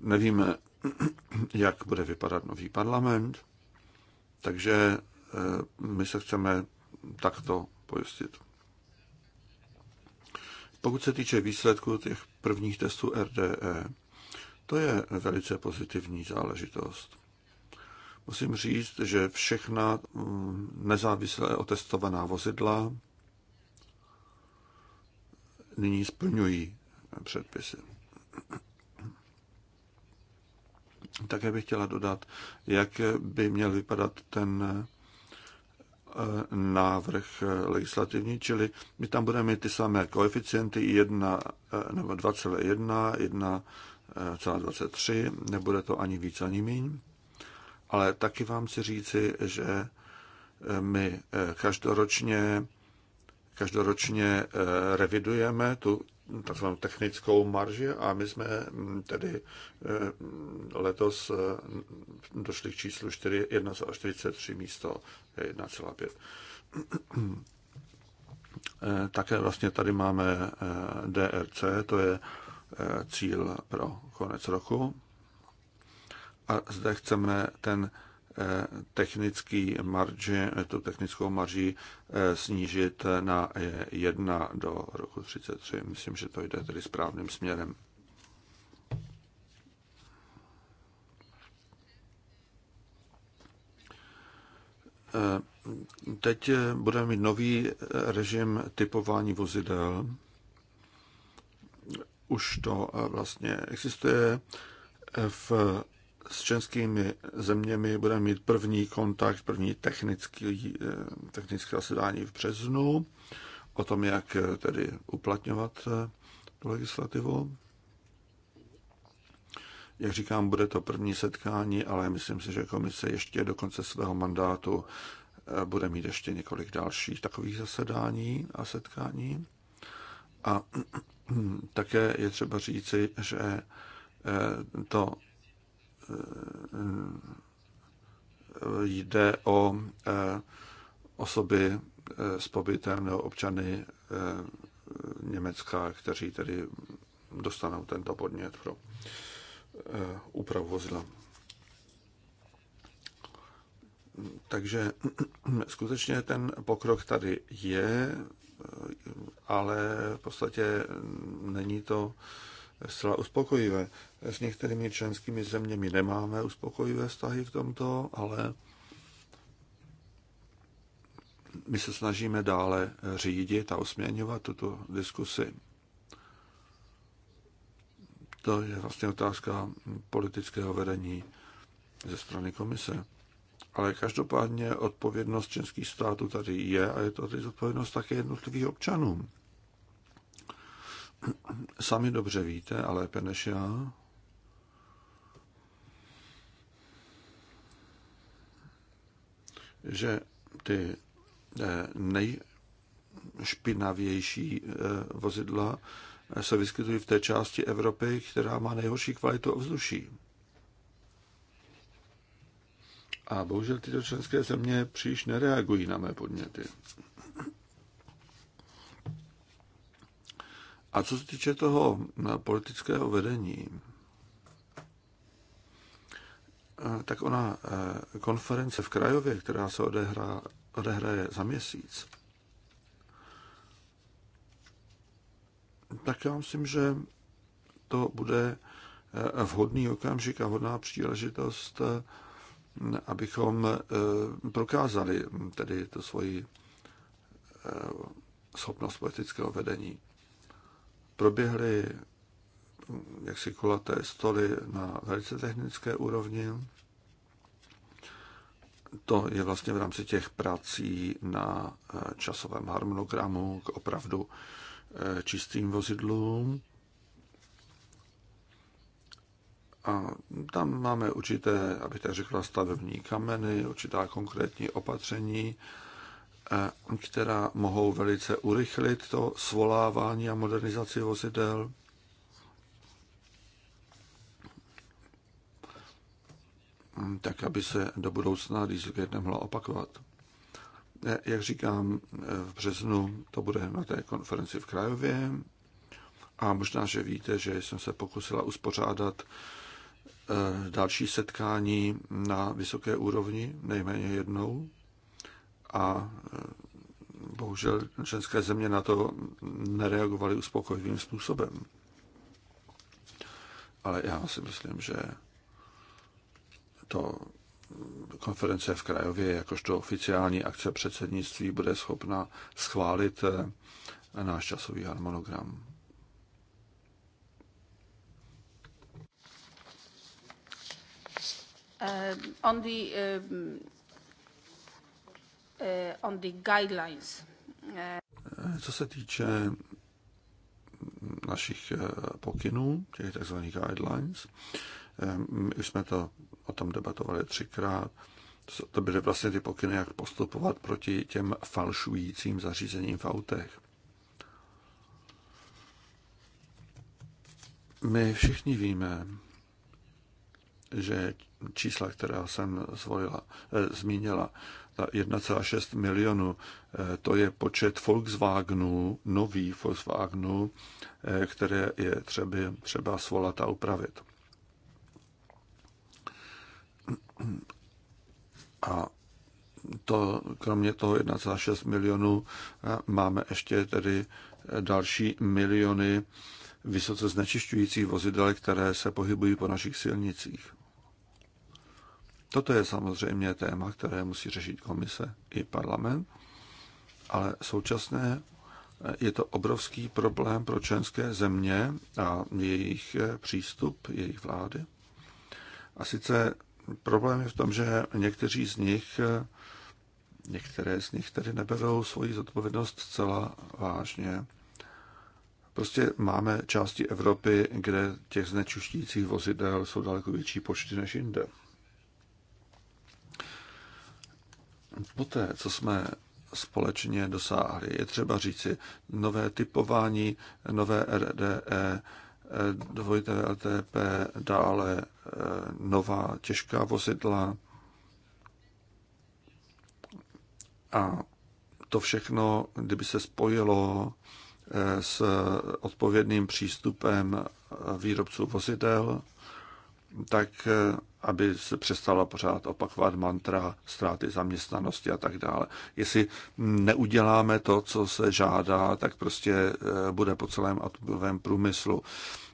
S2: Nevíme, jak bude vypadat nový parlament, takže eh, my se chceme takto pojistit. Pokud se týče výsledku těch prvních testů RDE, to je velice pozitivní záležitost. Musím říct, že všechna mm, nezávislé otestovaná vozidla nyní splňují předpisy. Také bych chtěla dodat, jak by měl vypadat ten eh, návrh eh, legislativní, čili my tam budeme mít ty samé koeficienty 1 eh, nebo 2,1, 1,23, nebude to ani víc, ani míň. Ale taky vám chci říci, že my každoročně, každoročně revidujeme tu tzv. technickou marži a my jsme mm, tedy eh, letos eh, došli k číslu 1,43 místo 1,5. Eh, také vlastně tady máme DRC, to je cíl pro konec roku. A zde chceme ten technický marži, tu technickou marži eh, snížit na 1 do roku 33. Myslím, že to jde tedy správným směrem. Eh, teď budeme mít nový režim typování vozidel. Už to eh, vlastně existuje v s českými zeměmi budeme mít první kontakt, první technický, eh, technické zasedání v březnu o tom, jak eh, tedy uplatňovat eh, legislativu. Jak říkám, bude to první setkání, ale myslím si, že komise ještě do konce svého mandátu bude mít ještě několik dalších takových zasedání a setkání. A také je třeba říci, že to jde o eh, osoby eh, s pobytem nebo občany eh, Německa, kteří tedy dostanou tento podnět pro úpravu vozidla. Takže skutečně ten pokrok tady je, ale v podstatě není to zcela uspokojivé. S některými členskými zeměmi nemáme uspokojivé vztahy v tomto, ale my se snažíme dále řídit a osměňovat tuto diskusi. To je vlastně otázka politického vedení ze strany komise. Ale každopádně odpovědnost českých států tady je a je to tady odpovědnost také jednotlivých občanů sami dobře víte a lépe než já, že ty eh, nejšpinavější eh, vozidla eh, se vyskytují v té části Evropy, která má nejhorší kvalitu ovzduší. A bohužel tyto členské země příliš nereagují na mé podněty. A co se týče toho eh, politického vedení, eh, tak ona eh, konference v Krajově, která se odehrá, odehraje za měsíc, tak já myslím, že to bude vhodný okamžik a vhodná příležitost, abychom prokázali tedy to svoji schopnost politického vedení proběhly jaksi kulaté stoly na velice technické úrovni. To je vlastně v rámci těch prací na eh, časovém harmonogramu k opravdu eh, čistým vozidlům. A tam máme určité, abych tak řekla, stavební kameny, určitá konkrétní opatření, která mohou velice urychlit to svolávání a modernizaci vozidel. tak, aby se do budoucna Dieselgate nemohla opakovat. Jak říkám, v březnu to bude na té konferenci v Krajově a možná, že víte, že jsem se pokusila uspořádat eh, další setkání na vysoké úrovni, nejméně jednou, a e, bohužel české země na to nereagovaly uspokojivým způsobem. Ale já si myslím, že to konference v Krajově jakožto oficiální akce předsednictví bude schopna schválit e, náš časový harmonogram.
S4: Uh, on the, uh Eh, on the guidelines. Eh,
S2: co se týče našich eh, pokynů, těch tzv. guidelines, my už jsme to o tom debatovali třikrát, to byly vlastně ty pokyny, jak postupovat proti těm falšujícím zařízením v autech. My všichni víme, že čísla, která jsem zvolila, eh, zmínila, eh, 1,6 milionu. Eh, to je počet Volkswagenů, nových Volkswagenů, eh, které je třeba, třeba svolat a upravit. A to, kromě toho 1,6 milionů eh, máme ještě tedy další miliony vysoce znečišťujících vozidel, které se pohybují po našich silnicích. Toto je samozřejmě téma, které musí řešit komise i parlament, ale současné eh, je to obrovský problém pro členské země a jejich eh, přístup, jejich vlády. A sice problém je v tom, že někteří z nich, eh, některé z nich tedy neberou svoji zodpovědnost zcela vážně. Prostě máme části Evropy, kde těch znečišťujících vozidel jsou daleko větší počty než jinde. Poté, co jsme společně dosáhli, je třeba říci nové typování, nové RDE, dvojité LTP, dále e, nová těžká vozidla a to všechno, kdyby se spojilo e, s odpovědným přístupem e, výrobců vozidel, tak eh, aby se přestala pořád opakovat mantra ztráty zaměstnanosti a tak dále. Jestli neuděláme to, co se žádá, tak prostě eh, bude po celém atomovém průmyslu.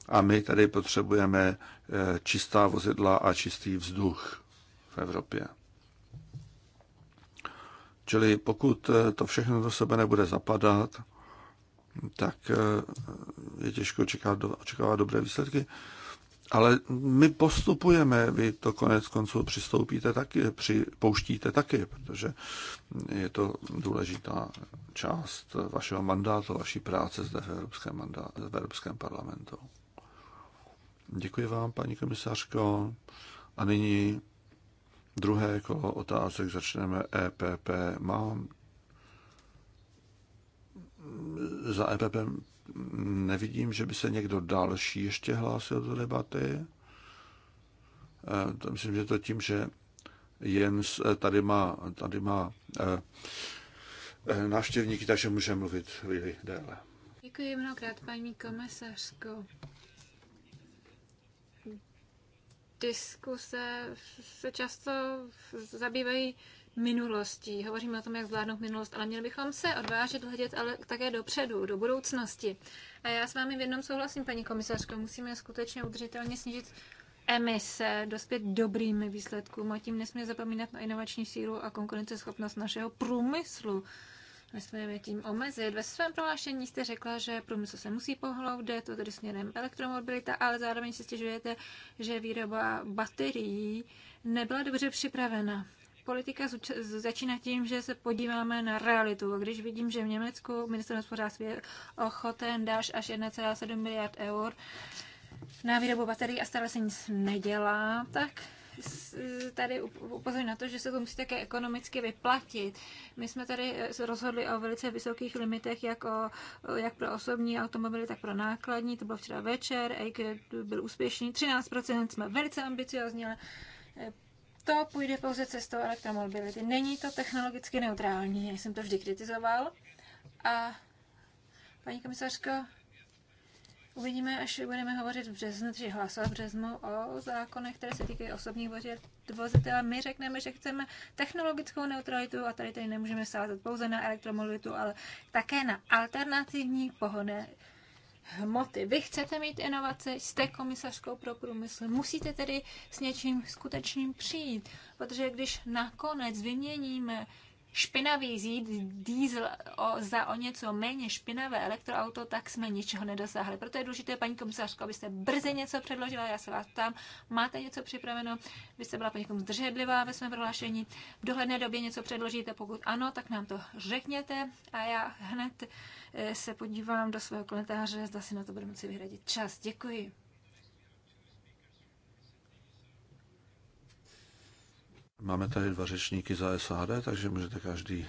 S2: A my tady potřebujeme eh, čistá vozidla a čistý vzduch v Evropě. Čili pokud to všechno do sebe nebude zapadat, tak je těžko očekávat dobré výsledky. Ale my postupujeme, vy to konec konců přistoupíte taky, připouštíte taky, protože je to důležitá část vašeho mandátu, vaší práce zde v Evropském, mandátu, v Evropském parlamentu. Děkuji vám, paní komisařko. A nyní druhé kolo otázek začneme EPP. Mám za EPP nevidím, že by se někdo další ještě hlásil do debaty. Eh, to myslím, že to tím, že Jens eh, tady má, tady má eh, návštěvníky, takže může mluvit chvíli déle.
S4: Děkuji mnohokrát, paní komisařko. Diskuse se často zabývají minulostí. Hovoříme o tom, jak zvládnout minulost, ale měli bychom se odvážet hledět ale také dopředu, do budoucnosti. A já s vámi v jednom souhlasím, paní komisařko, musíme skutečně udržitelně snížit emise, dospět dobrými výsledkům a tím nesmíme zapomínat na inovační sílu a konkurenceschopnost našeho průmyslu. Nesmíme tím omezit. Ve svém prohlášení jste řekla, že průmysl se musí pohnout, jde to tedy směrem elektromobilita, ale zároveň si stěžujete, že výroba baterií nebyla dobře připravena politika začíná tím, že se podíváme na realitu. Když vidím, že v Německu minister hospodářství je ochoten dáš až 1,7 miliard eur na výrobu baterií a stále se nic nedělá, tak tady upozorňuji na to, že se to musí také ekonomicky vyplatit. My jsme tady eh, rozhodli o velice vysokých limitech, jak, o, jak pro osobní automobily, tak pro nákladní. To bylo včera večer, EIC byl úspěšný. 13% jsme velice ambiciozní, ale eh, to půjde pouze cestou elektromobility. Není to technologicky neutrální, já jsem to vždy kritizoval. A paní komisařko, uvidíme, až budeme hovořit v březnu, či hlasovat v březnu o zákonech, které se týkají osobních vozidel. my řekneme, že chceme technologickou neutralitu a tady tady nemůžeme sázet pouze na elektromobilitu, ale také na alternativní pohony hmoty. Vy chcete mít inovace, jste komisařkou pro průmysl, musíte tedy s něčím skutečným přijít, protože když nakonec vyměníme špinavý zít, diesel o, za o něco méně špinavé elektroauto, tak jsme ničeho nedosáhli. Proto je důležité, paní komisařko, abyste brzy něco předložila, já se vás tam máte něco připraveno, vy jste byla poněkud zdržedlivá ve svém prohlášení, v dohledné době něco předložíte, pokud ano, tak nám to řekněte a já hned eh, se podívám do svého komentáře, zda si na to budeme moci vyhradit čas. Děkuji.
S2: Máme tady dva řečníky za SAD, takže můžete každý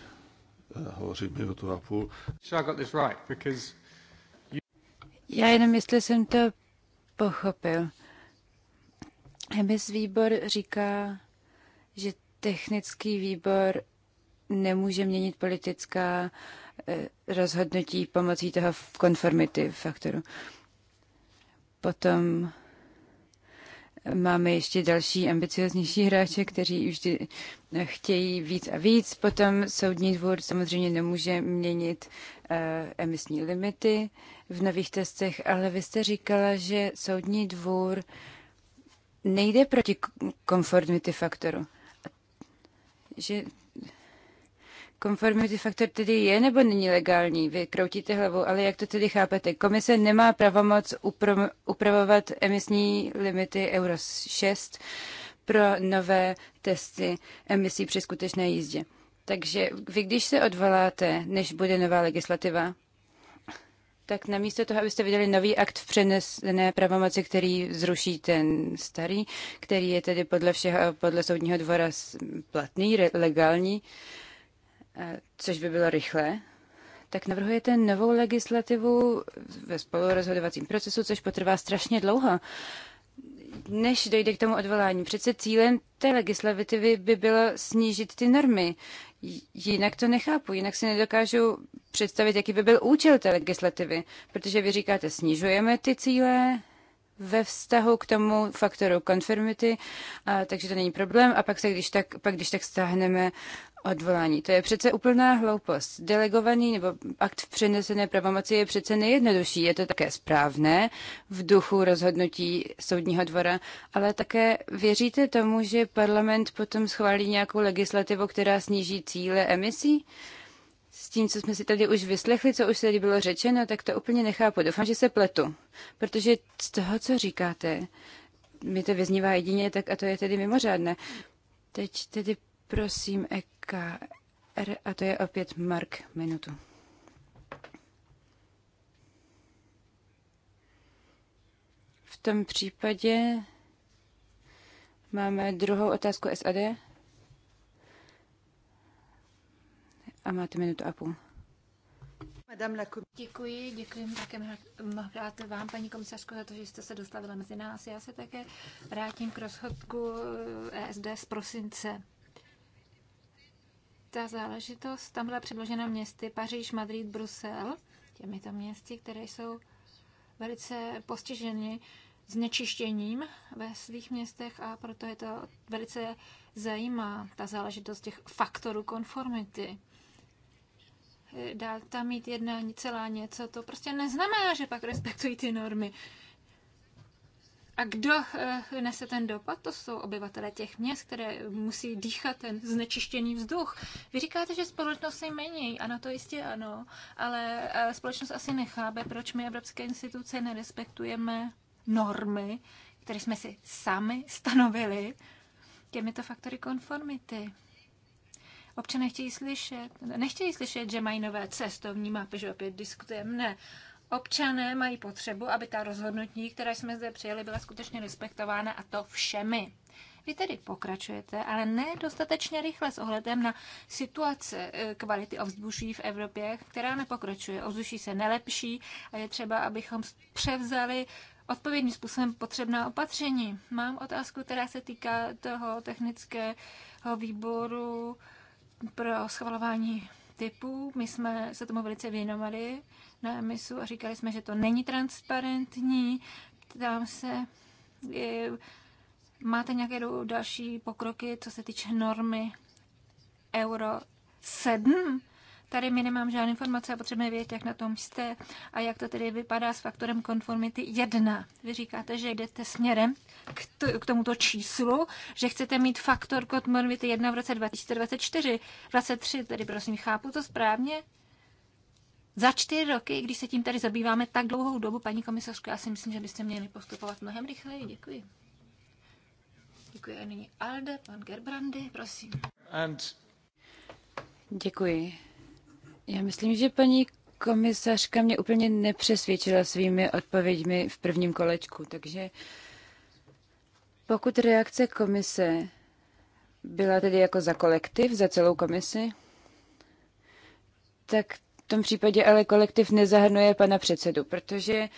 S2: eh, hovořit minutu a půl.
S3: Já jenom, jestli jsem to pochopil. Hemis výbor říká, že technický výbor nemůže měnit politická eh, rozhodnutí pomocí toho konformity faktoru. Potom Máme ještě další ambicioznější hráče, kteří vždy chtějí víc a víc. Potom soudní dvůr samozřejmě nemůže měnit eh, emisní limity v nových testech, ale vy jste říkala, že soudní dvůr nejde proti konformity faktoru. Že Konformity faktor tedy je nebo není legální? Vy kroutíte hlavu, ale jak to tedy chápete? Komise nemá pravomoc upravovat emisní limity Euro 6 pro nové testy emisí při skutečné jízdě. Takže vy, když se odvoláte, než bude nová legislativa, tak namísto toho, abyste viděli nový akt v přenesené pravomoci, který zruší ten starý, který je tedy podle všeho, podle soudního dvora platný, legální, Eh, což by bylo rychle, tak navrhujete novou legislativu ve spolurozhodovacím procesu, což potrvá strašně dlouho. Než dojde k tomu odvolání, přece cílem té legislativy by bylo snížit ty normy. Jinak to nechápu, jinak si nedokážu představit, jaký by byl účel té legislativy, protože vy říkáte, snižujeme ty cíle ve vztahu k tomu faktoru konformity, takže to není problém a pak se když tak, pak když tak stáhneme odvolání. To je přece úplná hloupost. Delegovaný nebo akt v přenesené pravomoci je přece nejjednodušší. Je to také správné v duchu rozhodnutí soudního dvora, ale také věříte tomu, že parlament potom schválí nějakou legislativu, která sníží cíle emisí? S tím, co jsme si tady už vyslechli, co už tady bylo řečeno, tak to úplně nechápu. Doufám, že se pletu. Protože z toho, co říkáte, mi to vyznívá jedině tak a to je tedy mimořádné. Teď tedy Prosím, EKR, a to je opět Mark, minutu. V tom případě máme druhou otázku SAD. A máte minutu a půl.
S4: Děkuji, děkuji také mnohokrát vám, paní komisařko, za to, že jste se dostavila mezi nás. Já se také vrátím k rozhodku ESD z prosince ta záležitost tam byla předložena městy Paříž, Madrid, Brusel, těmito městy, které jsou velice postiženy znečištěním ve svých městech a proto je to velice zajímá ta záležitost těch faktorů konformity. Dá tam mít jedna celá něco, to prostě neznamená, že pak respektují ty normy. A kdo eh, nese ten dopad? To jsou obyvatele těch měst, které musí dýchat ten znečištěný vzduch. Vy říkáte, že společnost se mění. Ano, to jistě ano. Ale eh, společnost asi nechápe, proč my evropské instituce nerespektujeme normy, které jsme si sami stanovili těmito faktory konformity. Občané chtějí slyšet, nechtějí slyšet, že mají nové cestovní mapy, že opět diskutujeme, ne. Občané mají potřebu, aby ta rozhodnutí, které jsme zde přijeli, byla skutečně respektována a to všemi. Vy tedy pokračujete, ale ne dostatečně rychle s ohledem na situace eh, kvality ovzduší v Evropě, která nepokračuje. Ovzduší se nelepší a je třeba, abychom převzali odpovědným způsobem potřebná opatření. Mám otázku, která se týká toho technického výboru pro schvalování typů. My jsme se tomu velice věnovali na emisu a říkali jsme, že to není transparentní. Ptám se, je, máte nějaké další pokroky, co se týče normy Euro 7? Tady my nemám žádné informace a potřebujeme vědět, jak na tom jste a jak to tedy vypadá s faktorem konformity 1. Vy říkáte, že jdete směrem k, t- k tomuto číslu, že chcete mít faktor konformity 1 v roce 2024, 23, tedy prosím, chápu to správně? za čtyři roky, když se tím tady zabýváme tak dlouhou dobu, paní komisařko, já si myslím, že byste měli postupovat mnohem rychleji. Děkuji. Děkuji. A nyní Alde, pan Gerbrandy, prosím.
S3: And... Děkuji. Já myslím, že paní komisařka mě úplně nepřesvědčila svými odpověďmi v prvním kolečku, takže pokud reakce komise byla tedy jako za kolektiv, za celou komisi, tak tom případě ale kolektiv nezahrnuje pana předsedu, protože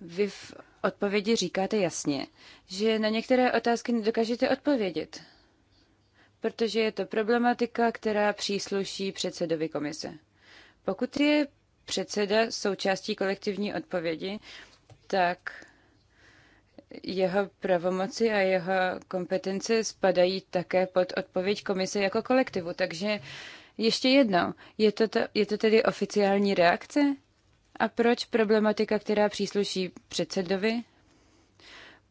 S3: vy v odpovědi říkáte jasně, že na některé otázky nedokážete odpovědět, protože je to problematika, která přísluší předsedovi komise. Pokud je předseda součástí kolektivní odpovědi, tak jeho pravomoci a jeho kompetence spadají také pod odpověď komise jako kolektivu. Takže ještě jednou, je to, to, je to tedy oficiální reakce? A proč problematika, která přísluší předsedovi?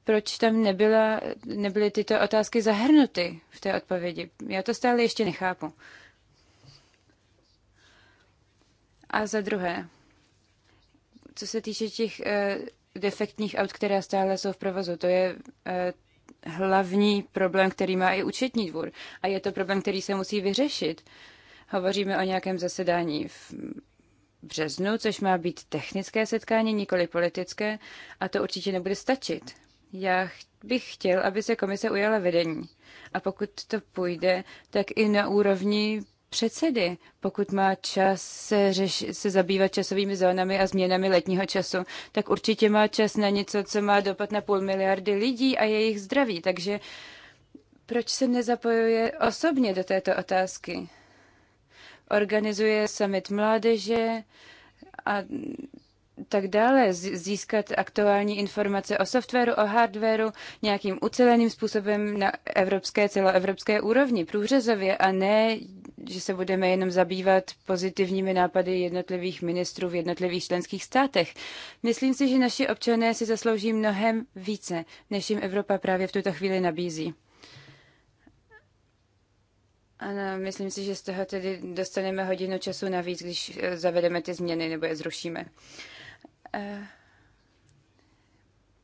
S3: Proč tam nebyla, nebyly tyto otázky zahrnuty v té odpovědi? Já to stále ještě nechápu. A za druhé, co se týče těch e, defektních aut, která stále jsou v provozu, to je e, hlavní problém, který má i účetní dvůr. A je to problém, který se musí vyřešit. E, Hovoříme o nějakém zasedání v březnu, což má být technické setkání, nikoli politické, a to určitě nebude stačit. Já bych chtěl, aby se komise ujala vedení. A pokud to půjde, tak i na úrovni předsedy, pokud má čas se, řeš, se zabývat časovými zónami a změnami letního času, tak určitě má čas na něco, co má dopad na půl miliardy lidí a jejich zdraví. Takže proč se nezapojuje osobně do této otázky? organizuje summit mládeže a tak dále, získat aktuální informace o softwaru, o hardwaru nějakým uceleným způsobem na evropské, celoevropské úrovni, průřezově a ne, že se budeme jenom zabývat pozitivními nápady jednotlivých ministrů v jednotlivých členských státech. Myslím si, že naši občané si zaslouží mnohem více, než jim Evropa právě v tuto chvíli nabízí. Ano, myslím si, že z toho tedy dostaneme hodinu času navíc, když eh, zavedeme ty změny nebo je zrušíme. Eh,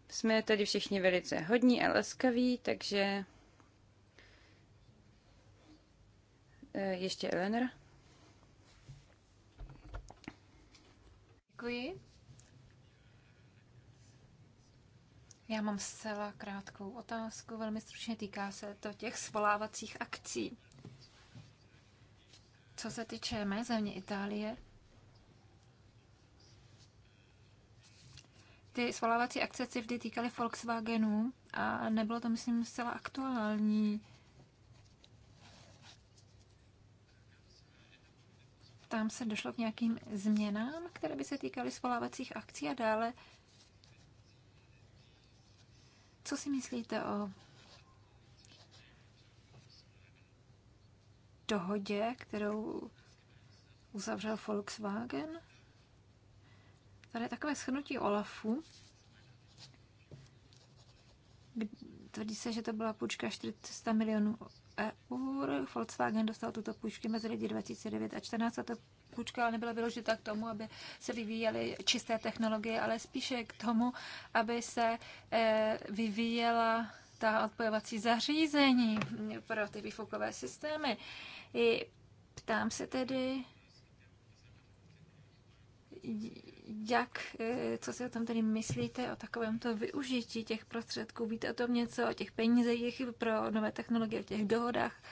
S3: jsme tady všichni velice hodní a laskaví, takže eh, ještě Eleanor.
S4: Děkuji. Já mám zcela krátkou otázku, velmi stručně týká se to těch svolávacích akcí. Co se týče mé země Itálie, ty svolávací akce se vždy týkaly Volkswagenu a nebylo to, myslím, zcela aktuální. Tam se došlo k nějakým změnám, které by se týkaly svolávacích akcí a dále. Co si myslíte o dohodě, kterou uzavřel Volkswagen. Tady je takové shrnutí Olafu. Tvrdí se, že to byla půjčka 400 milionů eur. Volkswagen dostal tuto půjčku mezi lidi 2009 a 2014 a to půjčka ale nebyla vyložita k tomu, aby se vyvíjely čisté technologie, ale spíše k tomu, aby se eh, vyvíjela ta odpojovací zařízení pro ty výfukové systémy. Eh, i ptám se tedy, jak, eh, co si o tom tedy myslíte, o takovémto využití těch prostředků? Víte o tom něco, o těch penězích pro nové technologie, o těch dohodách?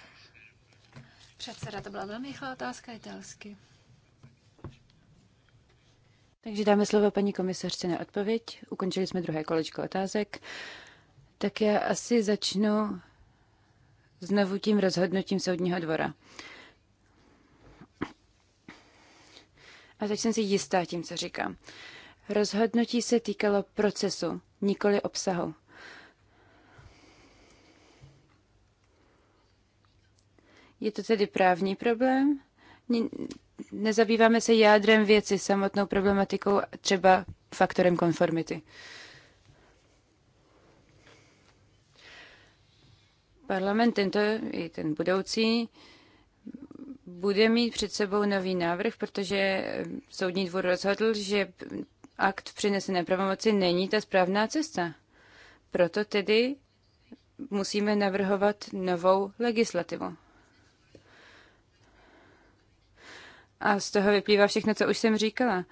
S4: Předseda, to byla velmi rychlá otázka italsky.
S3: Takže dáme slovo paní komisařce na odpověď. Ukončili jsme druhé kolečko otázek. Tak já asi začnu znovu tím rozhodnutím soudního dvora. A teď jsem si jistá tím, co říkám. Rozhodnutí se týkalo procesu, nikoli obsahu. Je to tedy právní problém? Nezabýváme se jádrem věci, samotnou problematikou, třeba faktorem konformity. Parlament tento i ten budoucí bude mít před sebou nový návrh, protože soudní dvůr rozhodl, že akt přinesené pravomoci není ta správná cesta. Proto tedy musíme navrhovat novou legislativu. A z toho vyplývá všechno, co už jsem říkala.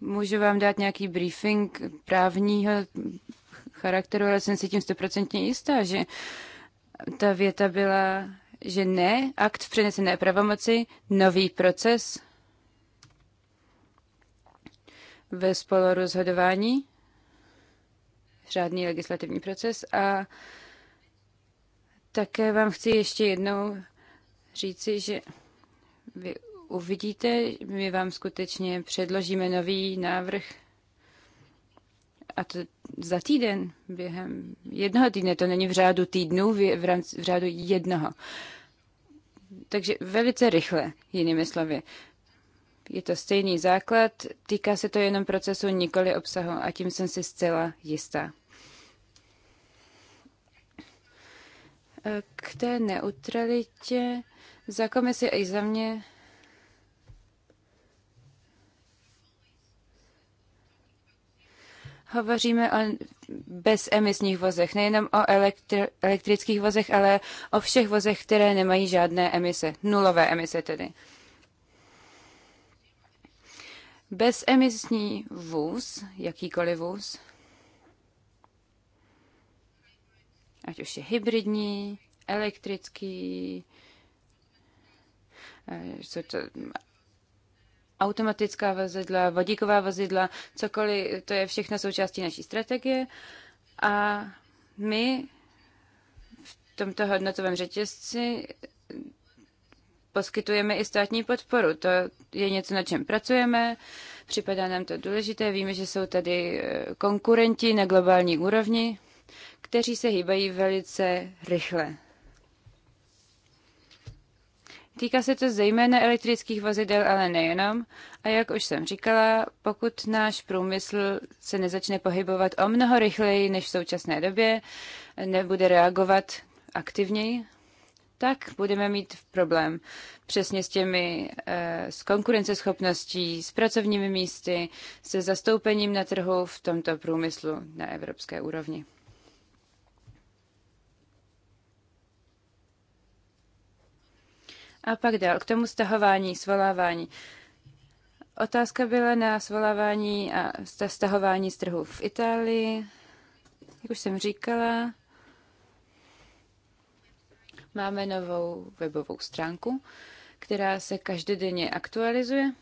S3: Můžu vám dát nějaký briefing právního charakteru, ale jsem si tím stoprocentně jistá, že ta věta byla, že ne, akt v přenesené pravomoci, nový proces ve spolorozhodování, řádný legislativní proces a také vám chci ještě jednou říci, že vy uvidíte, my vám skutečně předložíme nový návrh a to za týden, během jednoho týdne, to není v řádu týdnů, v, rámci, v řádu jednoho. Takže velice rychle, jinými slovy. Je to stejný základ, týká se to jenom procesu, nikoli obsahu a tím jsem si zcela jistá. K té neutralitě za komisi i za mě Hovoříme o bezemisních vozech, nejenom o elektr- elektrických vozech, ale o všech vozech, které nemají žádné emise, nulové emise tedy. Bezemisní vůz, jakýkoliv vůz, ať už je hybridní, elektrický, eh, jsou to automatická vozidla, vodíková vozidla, cokoliv, to je všechno součástí naší strategie. A my v tomto hodnotovém řetězci poskytujeme i státní podporu. To je něco, na čem pracujeme, připadá nám to důležité. Víme, že jsou tady eh, konkurenti na globální úrovni, kteří se hýbají velice rychle. Týká se to zejména elektrických vozidel, ale nejenom. A jak už jsem říkala, pokud náš průmysl se nezačne pohybovat o mnoho rychleji než v současné době, nebude reagovat aktivněji, tak budeme mít problém přesně s těmi, eh, s konkurenceschopností, s pracovními místy, se zastoupením na trhu v tomto průmyslu na evropské úrovni. A pak dál, k tomu stahování, svolávání. Otázka byla na svolávání a stahování z trhu v Itálii. Jak už jsem říkala, máme novou webovou stránku, která se každodenně aktualizuje.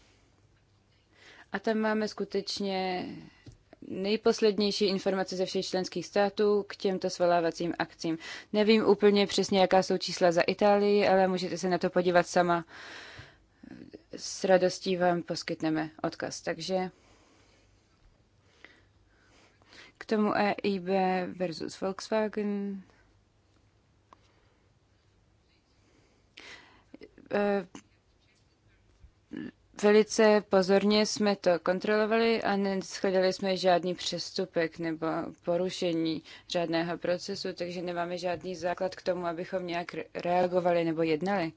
S3: A tam máme skutečně nejposlednější informace ze všech členských států k těmto svolávacím akcím. Nevím úplně přesně, jaká jsou čísla za Itálii, ale můžete se na to podívat sama. S radostí vám poskytneme odkaz. Takže k tomu EIB versus Volkswagen. Velice pozorně jsme to kontrolovali a neschledali jsme žádný přestupek nebo porušení žádného procesu, takže nemáme žádný základ k tomu, abychom nějak reagovali nebo jednali.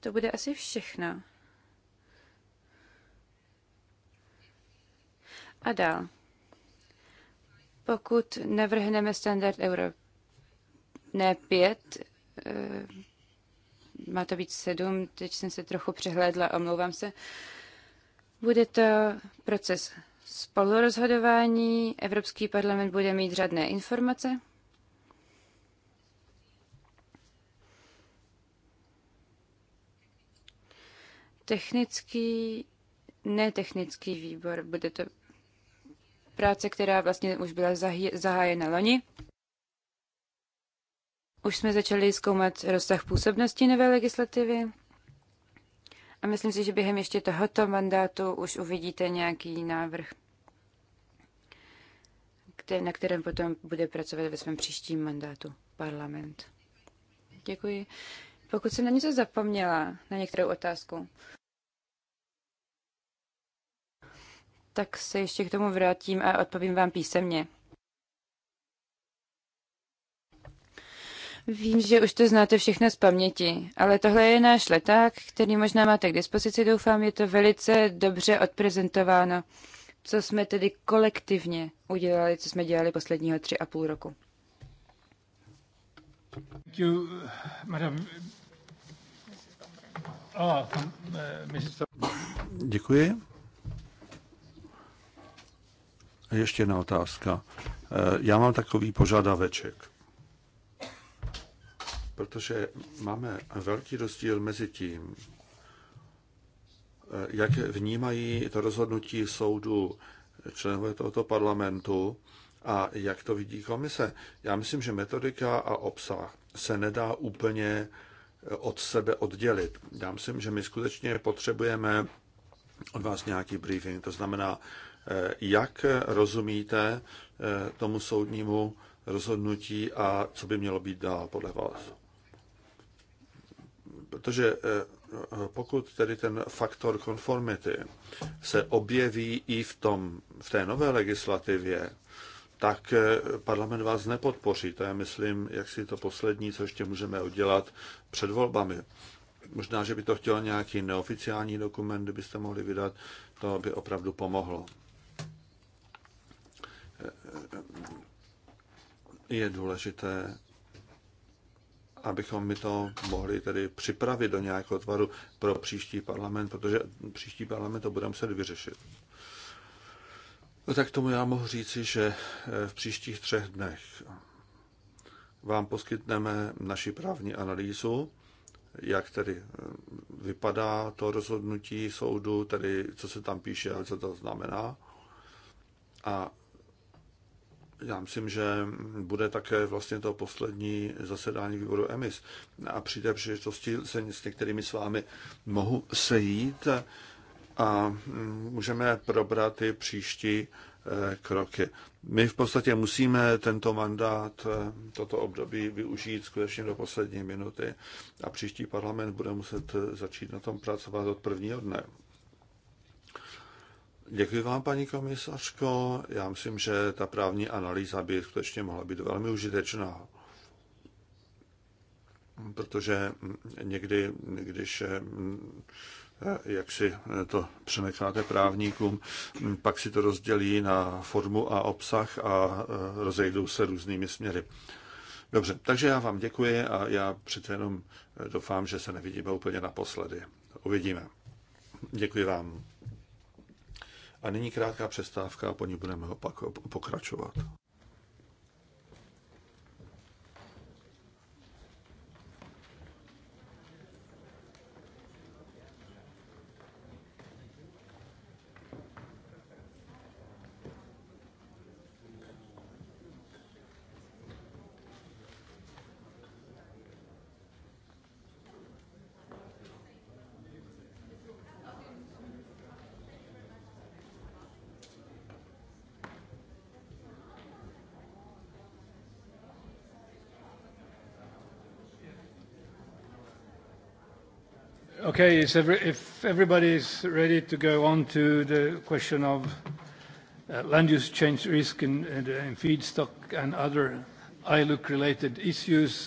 S3: To bude asi všechno. A dál pokud navrhneme standard euro ne pět, eh, má to být sedm, teď jsem se trochu přehlédla, omlouvám se. Bude to proces spolurozhodování, Evropský parlament bude mít řadné informace. Technický, netechnický výbor, bude to práce, která vlastně už byla zahájena loni. Už jsme začali zkoumat rozsah působnosti nové legislativy a myslím si, že během ještě tohoto mandátu už uvidíte nějaký návrh, na kterém potom bude pracovat ve svém příštím mandátu parlament. Děkuji. Pokud jsem na něco zapomněla, na některou otázku, tak se ještě k tomu vrátím a odpovím vám písemně. Vím, že už to znáte všechno z paměti, ale tohle je náš leták, který možná máte k dispozici, doufám, je to velice dobře odprezentováno, co jsme tedy kolektivně udělali, co jsme dělali posledního tři a půl roku.
S1: Thank you, madam. Oh, uh, Mrs.
S2: Děkuji. Ještě jedna otázka. Eh, já mám takový požadaveček, protože máme velký rozdíl mezi tím, eh, jak vnímají to rozhodnutí soudu členové tohoto parlamentu a jak to vidí komise. Já myslím, že metodika a obsah se nedá úplně eh, od sebe oddělit. Já myslím, že my skutečně potřebujeme od vás nějaký briefing, to znamená jak rozumíte eh, tomu soudnímu rozhodnutí a co by mělo být dál podle vás? Protože eh, pokud tedy ten faktor konformity se objeví i v, tom, v té nové legislativě, tak eh, parlament vás nepodpoří. To je, myslím, jak si to poslední, co ještě můžeme udělat před volbami. Možná, že by to chtěl nějaký neoficiální dokument, kdybyste mohli vydat, to by opravdu pomohlo je důležité, abychom my to mohli tedy připravit do nějakého tvaru pro příští parlament, protože příští parlament to bude muset vyřešit. No tak tomu já mohu říci, že eh, v příštích třech dnech vám poskytneme naši právní analýzu, jak tedy eh, vypadá to rozhodnutí soudu, tedy co se tam píše a co to znamená. A já myslím, že bude také vlastně to poslední zasedání výboru EMIS a při té příležitosti se s některými s vámi mohu sejít a můžeme probrat ty příští eh, kroky. My v podstatě musíme tento mandát, eh, toto období využít skutečně do poslední minuty a příští parlament bude muset eh, začít na tom pracovat od prvního dne. Děkuji vám, paní komisařko. Já myslím, že ta právní analýza by skutečně mohla být velmi užitečná. Protože někdy, když eh, jak si to přenecháte právníkům, pak si to rozdělí na formu a obsah a eh, rozejdou se různými směry. Dobře, takže já vám děkuji a já přece jenom eh, doufám, že se nevidíme úplně naposledy. Uvidíme. Děkuji vám. A nyní krátká přestávka a po ní budeme opak pokračovat.
S1: Okay, is every, if everybody's ready to go on to the question of uh, land use change risk in, in feedstock and other ILUC-related issues.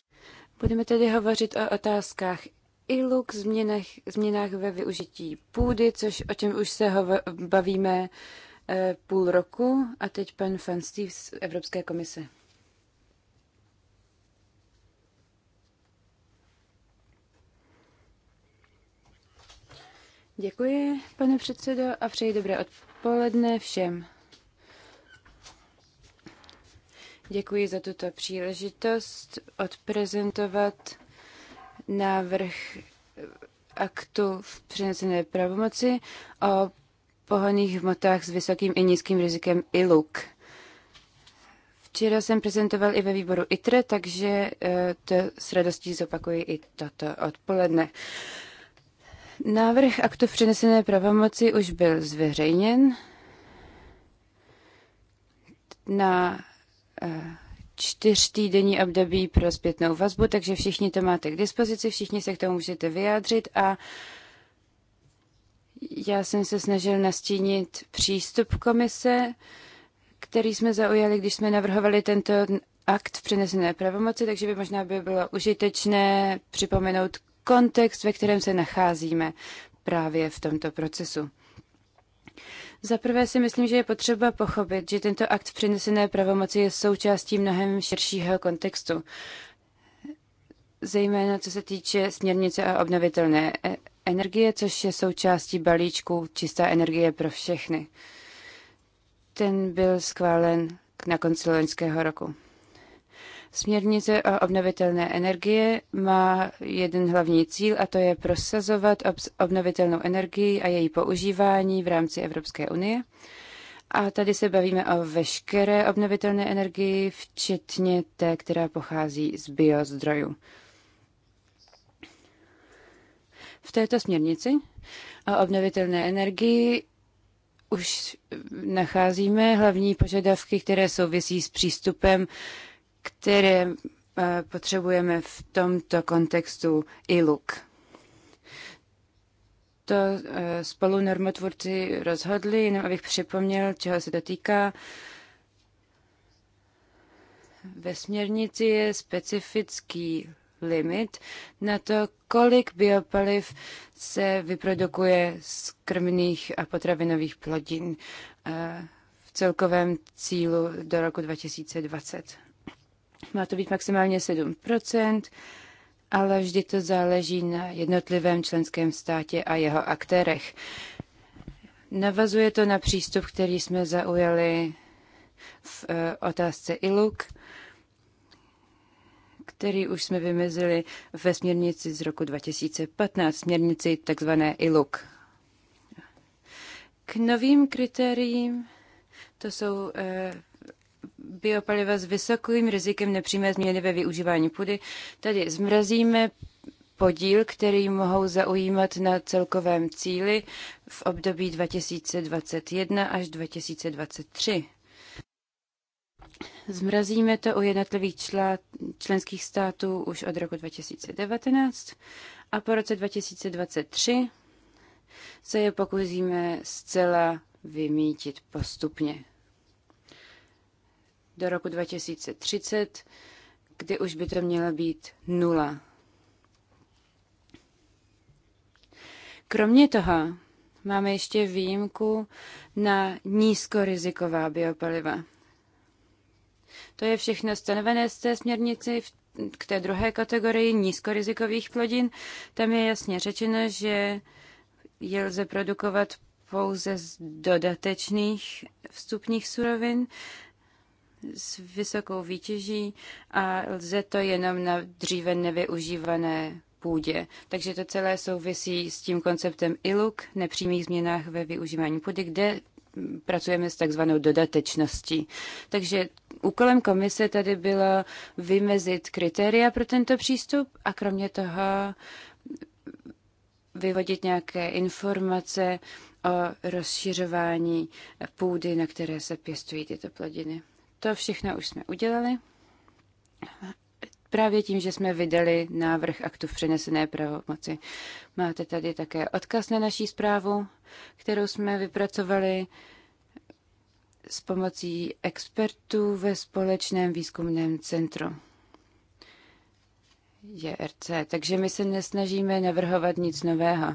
S3: Budeme tedy hovořit o otázkách ILUC, změnách, změnách ve využití půdy, což o čem už se hovo, bavíme e, půl roku. A teď pan Van Steve z Evropské komise. Děkuji, pane předsedo, a přeji dobré odpoledne všem. Děkuji za tuto příležitost odprezentovat návrh aktu v přenesené pravomoci o pohoných hmotách s vysokým i nízkým rizikem ILUK. Včera jsem prezentoval i ve výboru ITRE, takže e, to s radostí zopakuji i toto odpoledne. Návrh aktu v přenesené pravomoci už byl zveřejněn na eh, čtyřtýdenní období pro zpětnou vazbu, takže všichni to máte k dispozici, všichni se k tomu můžete vyjádřit a já jsem se snažil nastínit přístup komise, který jsme zaujali, když jsme navrhovali tento akt v přenesené pravomoci, takže by možná by bylo užitečné připomenout kontext, ve kterém se nacházíme právě v tomto procesu. Za prvé si myslím, že je potřeba pochopit, že tento akt přinesené pravomoci je součástí mnohem širšího kontextu, zejména co se týče směrnice a obnovitelné e- energie, což je součástí balíčku Čistá energie pro všechny. Ten byl schválen na konci loňského roku. Směrnice o obnovitelné energie má jeden hlavní cíl a to je prosazovat obnovitelnou energii a její používání v rámci Evropské unie. A tady se bavíme o veškeré obnovitelné energii, včetně té, která pochází z biozdrojů. V této směrnici o obnovitelné energii už nacházíme hlavní požadavky, které souvisí s přístupem které eh, potřebujeme v tomto kontextu ILUK. To eh, spolu normotvůrci rozhodli, jenom abych připomněl, čeho se to týká. Ve směrnici je specifický limit na to, kolik biopaliv se vyprodukuje z krmných a potravinových plodin eh, v celkovém cílu do roku 2020. Má to být maximálně 7 ale vždy to záleží na jednotlivém členském státě a jeho aktérech. Navazuje to na přístup, který jsme zaujali v eh, otázce ILUK, který už jsme vymezili ve směrnici z roku 2015, směrnici tzv. ILUK. K novým kritériím to jsou eh, biopaliva s vysokým rizikem nepřímé změny ve využívání půdy, tady zmrazíme podíl, který mohou zaujímat na celkovém cíli v období 2021 až 2023. Zmrazíme to u jednotlivých člá, členských států už od roku 2019 a po roce 2023 se je pokusíme zcela vymítit postupně do roku 2030, kdy už by to měla být nula. Kromě toho máme ještě výjimku na nízkoriziková biopaliva. To je všechno stanovené z té směrnici k té druhé kategorii nízkorizikových plodin, tam je jasně řečeno, že je lze produkovat pouze z dodatečných vstupních surovin s vysokou výtěží a lze to jenom na dříve nevyužívané půdě. Takže to celé souvisí s tím konceptem ILUK, nepřímých změnách ve využívání půdy, kde pracujeme s takzvanou dodatečností. Takže úkolem komise tady bylo vymezit kritéria pro tento přístup a kromě toho vyvodit nějaké informace o rozšiřování půdy, na které se pěstují tyto plodiny. To všechno už jsme udělali. Právě tím, že jsme vydali návrh aktu v přenesené pravomoci. Máte tady také odkaz na naší zprávu, kterou jsme vypracovali s pomocí expertů ve společném výzkumném centru. JRC. Takže my se nesnažíme navrhovat nic nového.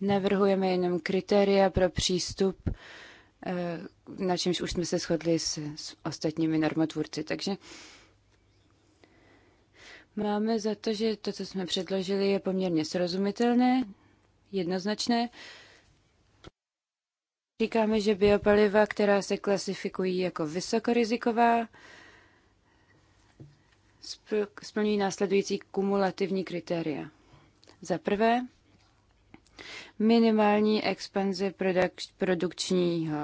S3: Navrhujeme jenom kritéria pro přístup Eh, na čemž už jsme se shodli s, s ostatními normotvůrci. Takže máme za to, že to, co jsme předložili, je poměrně srozumitelné, jednoznačné. Říkáme, že biopaliva, která se klasifikují jako vysokoriziková, splňují následující kumulativní kritéria. Za prvé, minimální expanze produk- produkčního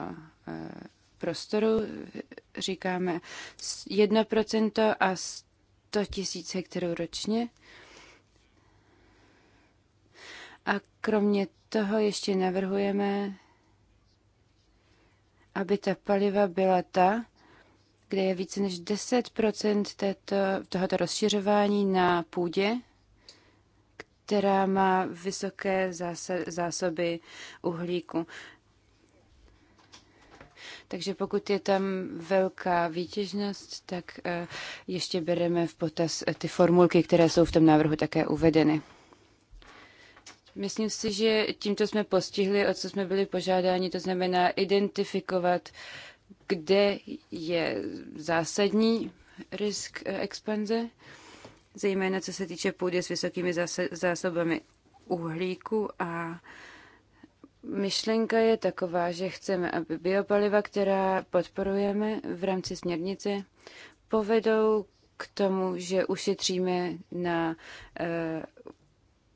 S3: eh, prostoru, říkáme 1% a 100 tisíc hektarů ročně. A kromě toho ještě navrhujeme, aby ta paliva byla ta, kde je více než 10 této, tohoto rozšiřování na půdě, která má vysoké zásoby uhlíku. Takže pokud je tam velká výtěžnost, tak eh, ještě bereme v potaz eh, ty formulky, které jsou v tom návrhu také uvedeny. Myslím si, že tímto jsme postihli, o co jsme byli požádáni, to znamená identifikovat, kde je zásadní risk eh, expanze zejména co se týče půdy s vysokými zásobami uhlíku a myšlenka je taková, že chceme, aby biopaliva, která podporujeme v rámci směrnice, povedou k tomu, že ušetříme na e,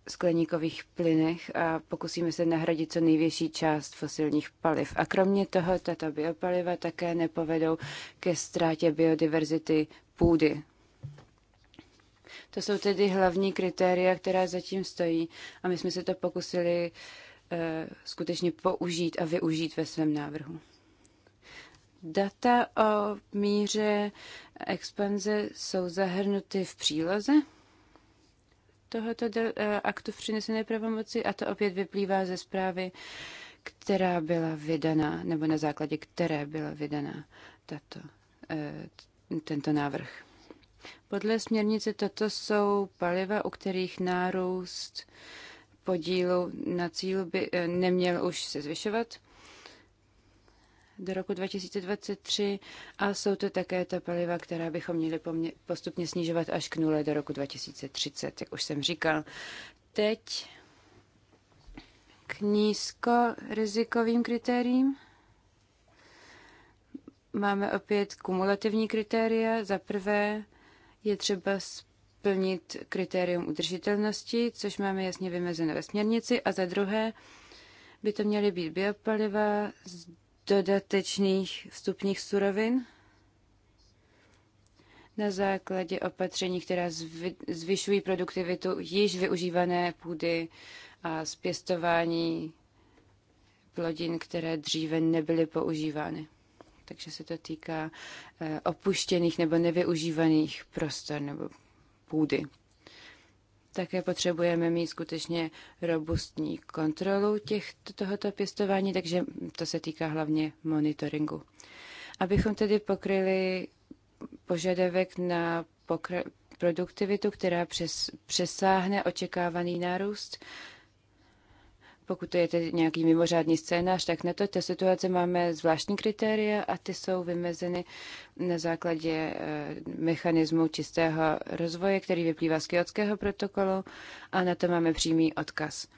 S3: skleníkových plynech a pokusíme se nahradit co největší část fosilních paliv. A kromě toho tato biopaliva také nepovedou ke ztrátě biodiverzity půdy. To jsou tedy hlavní kritéria, která zatím stojí a my jsme se to pokusili eh, skutečně použít a využít ve svém návrhu. Data o míře expanze jsou zahrnuty v příloze tohoto eh, aktu v přinesené pravomoci a to opět vyplývá ze zprávy, která byla vydaná, nebo na základě které byla vydaná tato, eh, tento návrh. Podle směrnice toto jsou paliva, u kterých nárůst podílu na cílu by eh, neměl už se zvyšovat do roku 2023 a jsou to také ta paliva, která bychom měli postupně snižovat až k nule do roku 2030, jak už jsem říkal. Teď k nízkorizikovým kritériím. Máme opět kumulativní kritéria. Za prvé je třeba splnit kritérium udržitelnosti, což máme jasně vymezené ve směrnici, a za druhé by to měly být biopaliva z dodatečných vstupních surovin na základě opatření, která zvyšují produktivitu již využívané půdy a zpěstování plodin, které dříve nebyly používány takže se to týká eh, opuštěných nebo nevyužívaných prostor nebo půdy. Také potřebujeme mít skutečně robustní kontrolu těch, tohoto pěstování, takže to se týká hlavně monitoringu. Abychom tedy pokryli požadavek na pokr- produktivitu, která přes, přesáhne očekávaný nárůst, pokud to je nějaký mimořádný scénář, tak na to té situace máme zvláštní kritéria a ty jsou vymezeny na základě eh, mechanismu čistého rozvoje, který vyplývá z kyotského protokolu a na to máme přímý odkaz.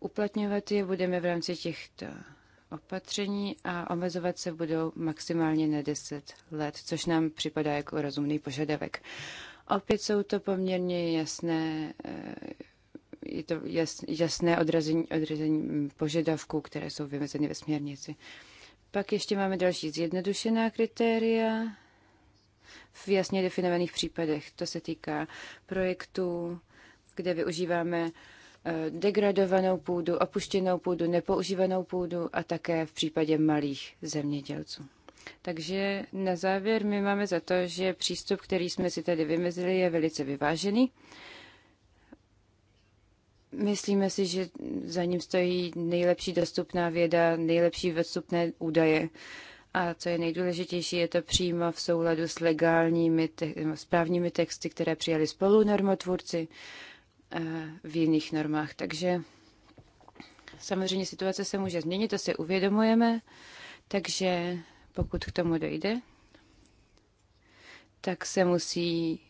S3: Uplatňovat je budeme v rámci těchto opatření a omezovat se budou maximálně na 10 let, což nám připadá jako rozumný požadavek. Opět jsou to poměrně jasné eh, je to jasné odrazení, odrazení požadavků, které jsou vymezeny ve směrnici. Pak ještě máme další zjednodušená kritéria v jasně definovaných případech. To se týká projektů, kde využíváme eh, degradovanou půdu, opuštěnou půdu, nepoužívanou půdu a také v případě malých zemědělců. Takže na závěr my máme za to, že přístup, který jsme si tady vymezili, je velice vyvážený. Myslíme si, že za ním stojí nejlepší dostupná věda, nejlepší dostupné údaje. A co je nejdůležitější, je to přímo v souladu s legálními te- správními texty, které přijali spolu normotvůrci eh, v jiných normách. Takže samozřejmě situace se může změnit, to si uvědomujeme, takže pokud k tomu dojde, tak se musí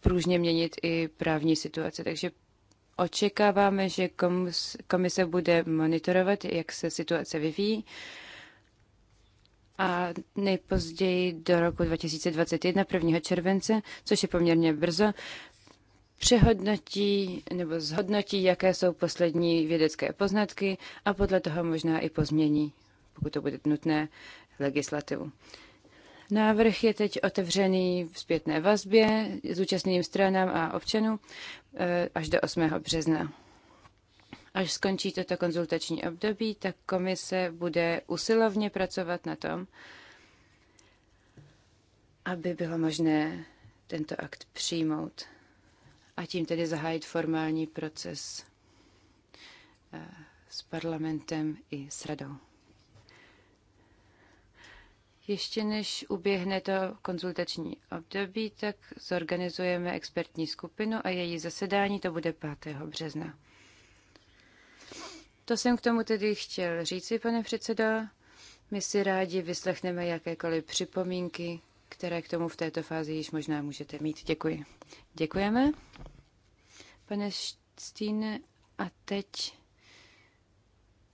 S3: pružně měnit i právní situace. Takže Očekáváme, že komise bude monitorovat, jak se situace vyvíjí a nejpozději do roku 2021, 1. července, což je poměrně brzo, přehodnotí nebo zhodnotí, jaké jsou poslední vědecké poznatky a podle toho možná i pozmění, pokud to bude nutné, legislativu. Návrh je teď otevřený v zpětné vazbě zúčastněným stranám a občanům. Eh, až do 8. března. Až skončí toto konzultační období, tak komise bude usilovně pracovat na tom, aby bylo možné tento akt přijmout a tím tedy zahájit formální proces eh, s parlamentem i s radou. Ještě než uběhne to konzultační období, tak zorganizujeme expertní skupinu a její zasedání to bude 5. března. To jsem k tomu tedy chtěl říci, pane předsedo. My si rádi vyslechneme jakékoliv připomínky, které k tomu v této fázi již možná můžete mít. Děkuji. Děkujeme, pane Štíne. A teď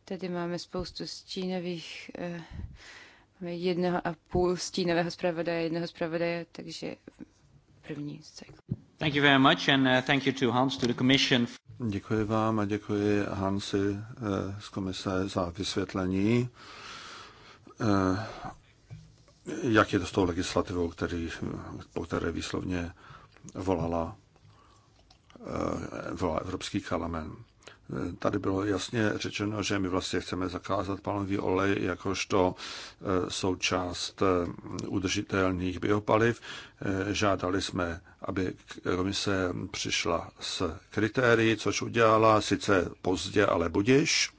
S3: tady máme spoustu stínových eh, jednoho a půl stínového zpravodaje, jednoho zpravodaje, takže první cykl.
S2: Thank you very much and uh, thank you to Hans, to the Commission. Děkuji vám a děkuji Hansi eh, z komise za vysvětlení. Eh, jak je to s tou legislativou, který, po které výslovně volala eh, volá Evropský parlament. Tady bylo jasně řečeno, že my vlastně chceme zakázat palmový olej jakožto e, součást e, udržitelných biopaliv. E, žádali jsme, aby komise přišla s kritérii, což udělala, sice pozdě, ale budiš.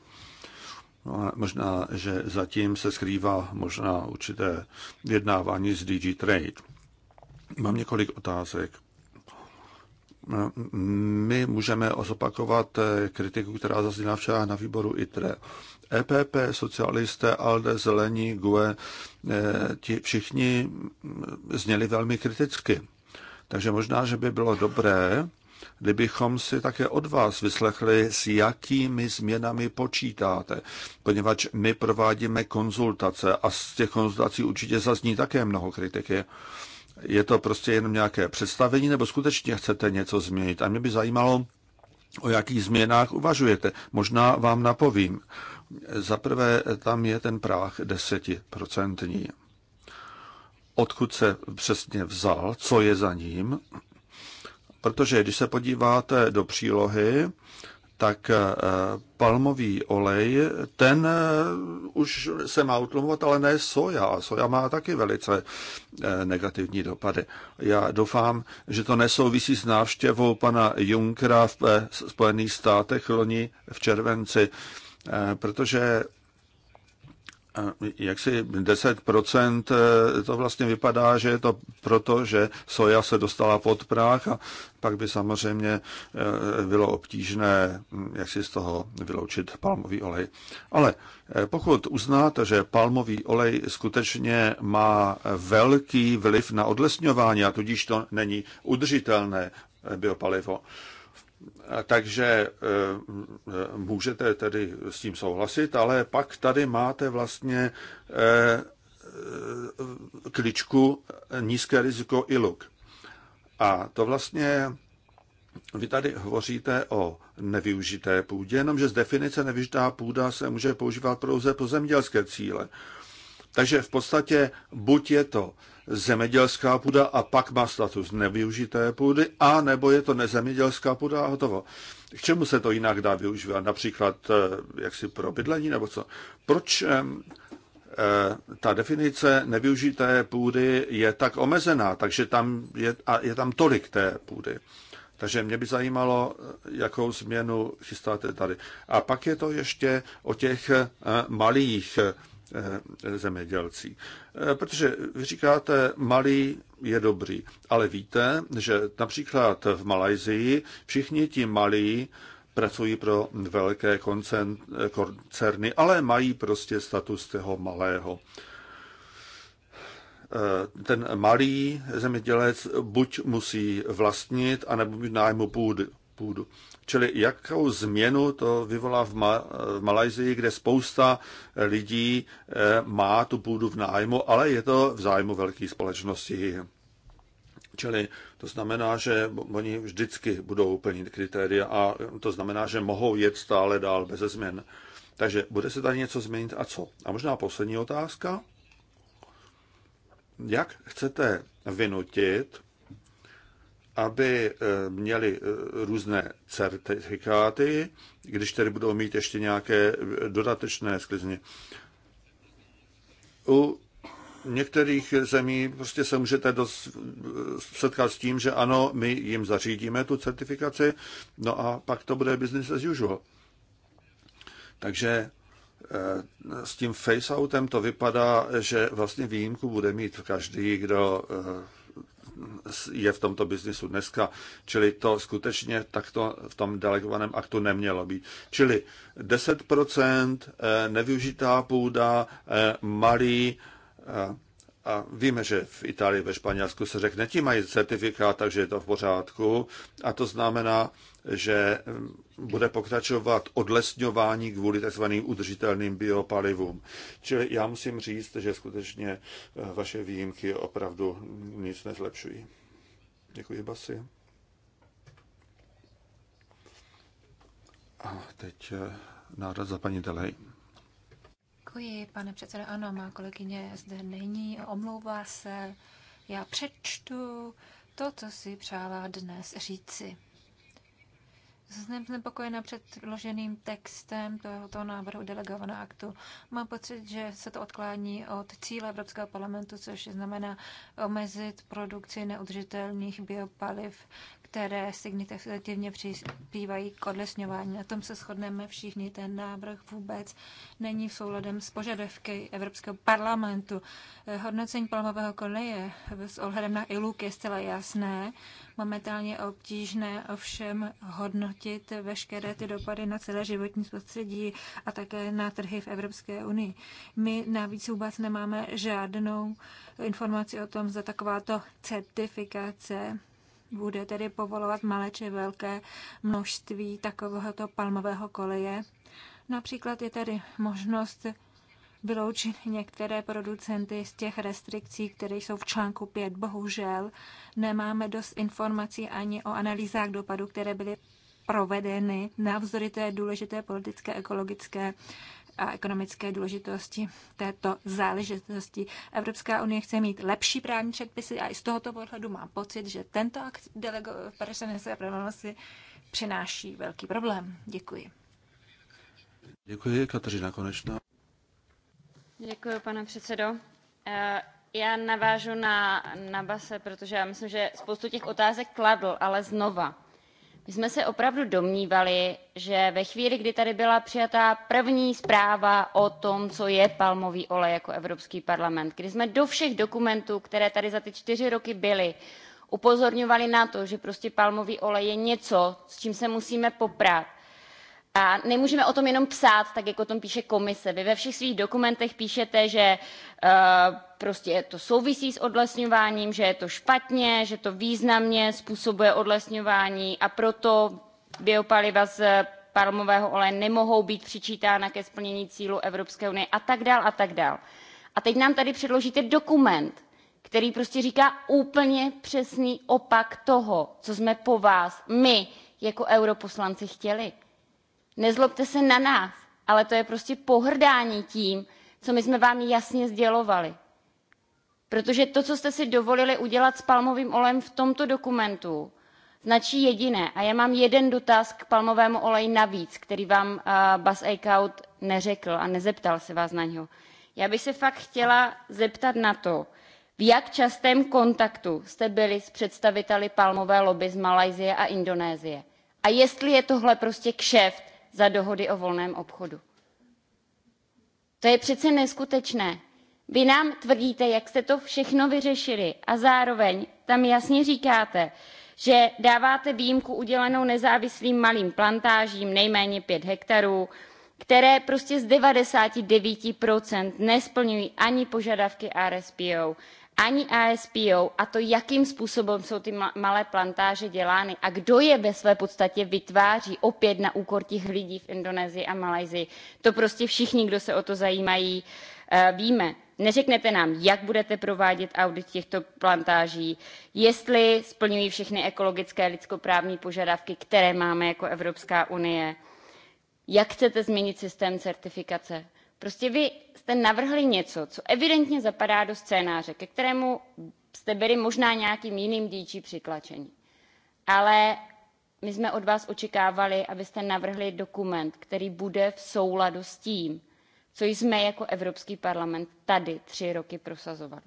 S2: No, možná, že zatím se skrývá možná určité vyjednávání z DG Trade. Mám několik otázek my můžeme zopakovat eh, kritiku, která zazněla včera na výboru ITRE. EPP, socialisté, ALDE, Zelení, GUE, eh, ti všichni mm, zněli velmi kriticky. Takže možná, že by bylo dobré, kdybychom si také od vás vyslechli, s jakými změnami počítáte, poněvadž my provádíme konzultace a z těch konzultací určitě zazní také mnoho kritiky. Je to prostě jenom nějaké představení, nebo skutečně chcete něco změnit? A mě by zajímalo, o jakých změnách uvažujete. Možná vám napovím. Za prvé, tam je ten práh desetiprocentní. Odkud se přesně vzal, co je za ním? Protože když se podíváte do přílohy, tak eh, palmový olej, ten eh, už se má utlumovat, ale ne soja. A soja má taky velice eh, negativní dopady. Já doufám, že to nesouvisí s návštěvou pana Junkera v Spojených státech loni v červenci, protože jak si 10% eh, to vlastně vypadá, že je to proto, že soja se dostala pod práh a pak by samozřejmě eh, bylo obtížné, hm, jak si z toho vyloučit palmový olej. Ale eh, pokud uznáte, že palmový olej skutečně má velký vliv na odlesňování a tudíž to není udržitelné biopalivo, takže e, můžete tedy s tím souhlasit, ale pak tady máte vlastně e, e, kličku nízké riziko ILUK. A to vlastně vy tady hovoříte o nevyužité půdě, jenomže z definice nevyužitá půda se může používat pouze pro zemědělské cíle. Takže v podstatě buď je to zemědělská půda a pak má status nevyužité půdy, a nebo je to nezemědělská půda a hotovo. K čemu se to jinak dá využívat? Například eh, jaksi pro bydlení nebo co? Proč eh, eh, ta definice nevyužité půdy je tak omezená, takže tam je, a je tam tolik té půdy. Takže mě by zajímalo, jakou změnu chystáte tady. A pak je to ještě o těch malých Eh, zemědělcí. Eh, protože vy říkáte, malý je dobrý, ale víte, že například v Malajzii všichni ti malí pracují pro velké koncerny, ale mají prostě status toho malého. Eh, ten malý zemědělec buď musí vlastnit, anebo mít nájmu půdu. půdu. Čili jakou změnu to vyvolá v, Ma- v Malajzii, kde spousta eh, lidí eh, má tu půdu v nájmu, ale je to v zájmu velké společnosti. Čili to znamená, že oni vždycky budou plnit kritéria a eh, to znamená, že mohou jet stále dál bez změn. Takže bude se tady něco změnit a co? A možná poslední otázka. Jak chcete vynutit aby eh, měli eh, různé certifikáty, když tedy budou mít ještě nějaké eh, dodatečné sklizně. U některých zemí prostě se můžete dost setkat s tím, že ano, my jim zařídíme tu certifikaci, no a pak to bude business as usual. Takže s tím face-outem to vypadá, že vlastně výjimku bude mít každý, kdo je v tomto biznisu dneska. Čili to skutečně takto v tom delegovaném aktu nemělo být. Čili 10% eh, nevyužitá půda, eh, malý eh, a víme, že v Itálii, ve Španělsku se řekne, ti mají certifikát, takže je to v pořádku. A to znamená, že mm, bude pokračovat odlesňování kvůli tzv. udržitelným biopalivům. Čili já musím říct, že skutečně eh, vaše výjimky opravdu nic nezlepšují. Děkuji, Basi. A teď eh, nárad za paní Delej.
S4: Děkuji, pane předsedo. Ano, má kolegyně zde není, omlouvá se. Já přečtu to, co si přává dnes říci. Jsem znepokojena předloženým textem tohoto návrhu delegovaného aktu. Mám pocit, že se to odklání od cíle Evropského parlamentu, což znamená omezit produkci neudržitelných biopaliv, které signifikativně přispívají k odlesňování. Na tom se shodneme všichni. Ten návrh vůbec není v souladem s požadavky Evropského parlamentu. Hodnocení palmového koleje s ohledem na ILUK je zcela jasné Momentálně obtížné ovšem hodnotit veškeré ty dopady na celé životní prostředí a také na trhy v Evropské unii. My navíc vůbec nemáme žádnou informaci o tom, zda takováto certifikace bude tedy povolovat malé či velké množství takovéhoto palmového koleje. Například je tady možnost vyloučit některé producenty z těch restrikcí, které jsou v článku 5. Bohužel nemáme dost informací ani o analýzách dopadu, které byly provedeny navzdory té důležité politické, ekologické a ekonomické důležitosti této záležitosti. Evropská unie chce mít lepší právní předpisy a i z tohoto pohledu mám pocit, že tento akt delego- přenesené pravomoci přináší velký problém. Děkuji.
S2: Děkuji, Kateřina Konečná.
S5: Děkuji, pane předsedající eh, Já navážu na, na basse protože já myslím, že spoustu těch otázek kladl, ale znova. My jsme se opravdu domnívali, že ve chvíli, kdy tady byla přijata první zpráva o tom, co je palmový olej jako Evropský parlament, kdy jsme do všech dokumentů, které tady za ty čtyři roky byly, upozorňovali na to, že prostě palmový olej je něco, s čím se musíme poprat a nemůžeme o tom jenom psát, tak jak o tom píše komise. Vy ve všech svých dokumentech píšete, že uh, prostě to souvisí s odlesňováním, že je to špatně, že to významně způsobuje odlesňování a proto biopaliva z palmového oleje nemohou být přičítána ke splnění cílů Evropské unie a tak dál a tak dál. A teď nám tady předložíte dokument, který prostě říká úplně přesný opak toho, co jsme po vás, my, jako europoslanci chtěli nezlobte se na nás ale to je prostě pohrdání tím co my jsme vám jasně sdělovali protože to co jste si dovolili udělat s palmovým olejem v tomto dokumentu značí jediné a já mám jeden dotaz k palmovému oleji navíc který vám eh, bas eickhout neřekl a nezeptal se vás na něho. já bych se fakt chtěla zeptat na to v jak častém kontaktu jste byli s představiteli palmové lobby z malajsie a indonésie a jestli je tohle prostě kšeft za dohody o volném obchodu. To je přece neskutečné. Vy nám tvrdíte, jak jste to všechno vyřešili a zároveň tam jasně říkáte, že dáváte výjimku udělenou nezávislým malým plantážím nejméně 5 hektarů, které prostě z 99% nesplňují ani požadavky RSPO, ani ASPO a to, jakým způsobem jsou ty malé plantáže dělány a kdo je ve své podstatě vytváří opět na úkor těch lidí v Indonésii a Malajsii. To prostě všichni, kdo se o to zajímají, eh, víme. Neřeknete nám, jak budete provádět audit těchto plantáží, jestli splňují všechny ekologické lidskoprávní požadavky, které máme jako Evropská unie, jak chcete změnit systém certifikace prostě vy jste navrhli něco co evidentně zapadá do scénáře ke kterému jste byli možná nějakým jiným dg přitlačeni ale my jsme od vás očekávali abyste navrhli dokument který bude v souladu s tím co jsme jako evropský parlament tady tři roky prosazovali.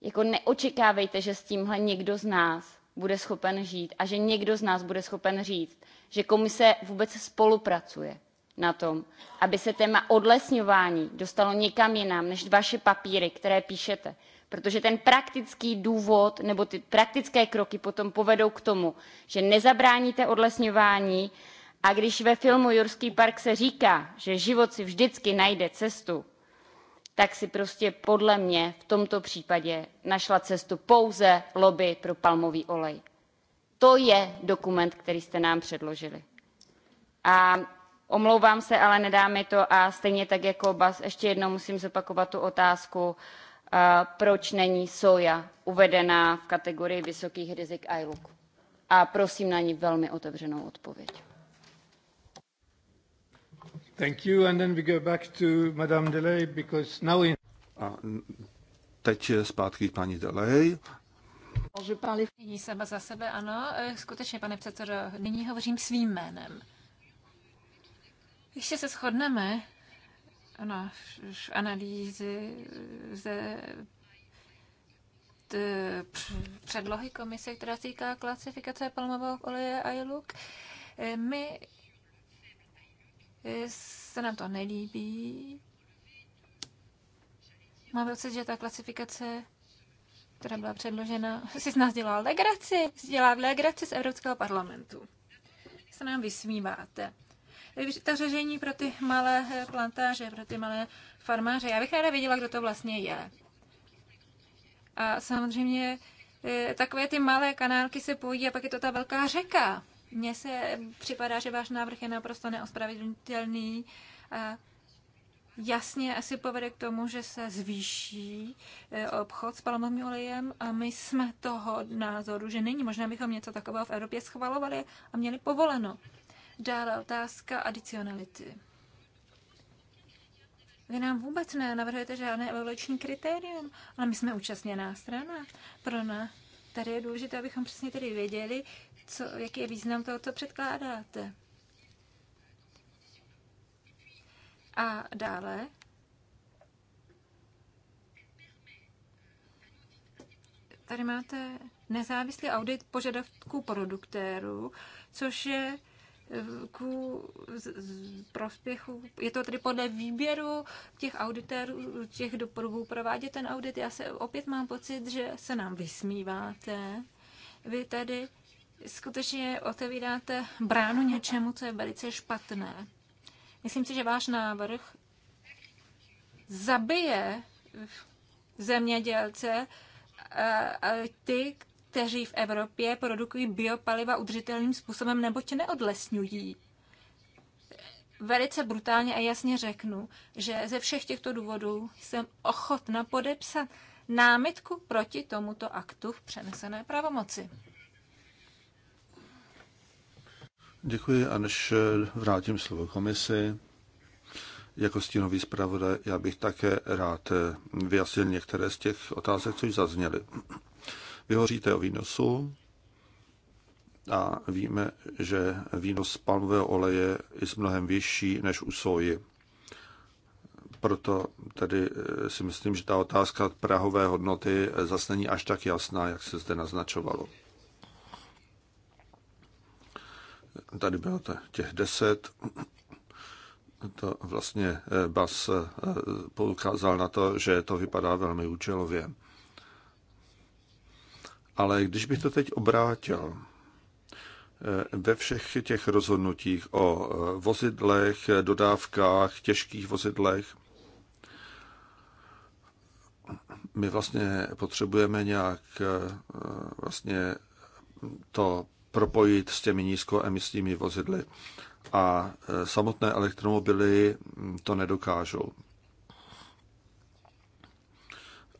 S5: jako neočekávejte že s tímhle někdo z nás bude schopen žít a že někdo z nás bude schopen říct že komise vůbec spolupracuje na tom aby se téma odlesňování dostalo někam jinam než vaše papíry které píšete protože ten praktický důvod nebo ty praktické kroky potom povedou k tomu že nezabráníte odlesňování a když ve filmu jurský park se říká že život si vždycky najde cestu tak si prostě podle mě v tomto případě našla cestu pouze lobby pro palmový olej. to je dokument který jste nám předložili. a omlouvám se ale nedá mi to a stejně tak jako bas ještě jednou musím zopakovat tu otázku eh, proč není soja uvedena v kategorii vysokých rizik iluc a prosím na ni velmi otevřenou odpověď.
S1: Thank you, and then we go back to Madame Delay because now we. A teď
S2: zpátky paní Delay.
S4: Nyní jsem za sebe, ano. Eh, skutečně, pane předsedo, nyní hovořím svým jménem. Ještě se shodneme na analýzy ze předlohy komise, která týká klasifikace palmového oleje a iluk. E, my e, se nám to nelíbí. Mám pocit, že ta klasifikace, která byla předložena, si z nás dělá legraci, dělá legraci z Evropského parlamentu. Se nám vysmíváte ta řežení pro ty malé plantáže, pro ty malé farmáře. Já bych ráda věděla, kdo to vlastně je. A samozřejmě e, takové ty malé kanálky se pojí a pak je to ta velká řeka. Mně se připadá, že váš návrh je naprosto neospravedlnitelný. jasně asi povede k tomu, že se zvýší e, obchod s palmovým olejem a my jsme toho názoru, že není možná abychom něco takového v Evropě schvalovali a měli povoleno. Dále otázka adicionality. Vy nám vůbec ne, navrhujete žádné evoluční kritérium, ale my jsme účastněná strana. Pro nás tady je důležité, abychom přesně tedy věděli, co, jaký je význam toho, co předkládáte. A dále tady máte nezávislý audit požadavků produktérů, což je ku prospěchu, je to tedy podle výběru těch auditérů, těch doporovů provádět ten audit. Já se opět mám pocit, že se nám vysmíváte. Vy tady skutečně otevíráte bránu něčemu, co je velice špatné. Myslím si, že váš návrh zabije zemědělce, a ty, kteří v Evropě produkují biopaliva udržitelným způsobem, neboť neodlesňují. Velice brutálně a jasně řeknu, že ze všech těchto důvodů jsem ochotna podepsat námitku proti tomuto aktu v přenesené pravomoci.
S2: Děkuji a než eh, vrátím slovo komisi, jako stínový zpravodaj, já bych také rád eh, vyjasnil některé z těch otázek, co již zazněly. Vyhoříte o výnosu a víme, že výnos palmového oleje je mnohem vyšší než u soji. Proto tedy eh, si myslím, že ta otázka prahové hodnoty eh, zase není až tak jasná, jak se zde naznačovalo. Tady bylo těch deset to vlastně eh, Bas poukázal na to, že to vypadá velmi účelově. Ale když bych to teď obrátil, eh, ve všech těch rozhodnutích o eh, vozidlech, dodávkách, těžkých vozidlech, my vlastně potřebujeme nějak eh, vlastně to propojit s těmi nízkoemisními vozidly. A samotné elektromobily hm, to nedokážou.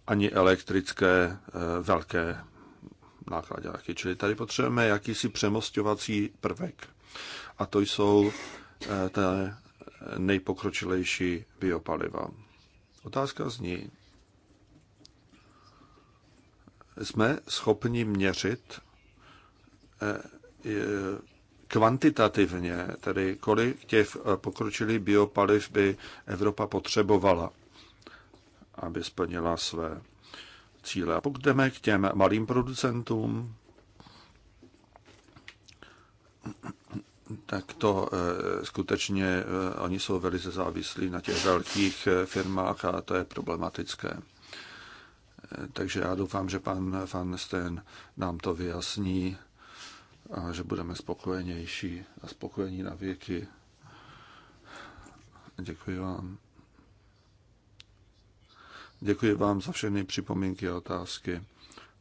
S2: Ani elektrické velké nákladňáky. Čili tady potřebujeme jakýsi přemostovací prvek. A to jsou eh, té nejpokročilejší biopaliva. Otázka zní, jsme schopni měřit eh, kvantitativně, tedy kolik těch eh, pokročilých biopaliv by Evropa potřebovala, aby splnila své cíle. A pokud jdeme k těm malým producentům, tak to eh, skutečně eh, oni jsou velice závislí na těch velkých eh, firmách a to je problematické. Takže já doufám, že pan Van Steen nám to vyjasní a že budeme spokojenější a spokojení na věky. Děkuji vám. Děkuji vám za všechny připomínky a otázky.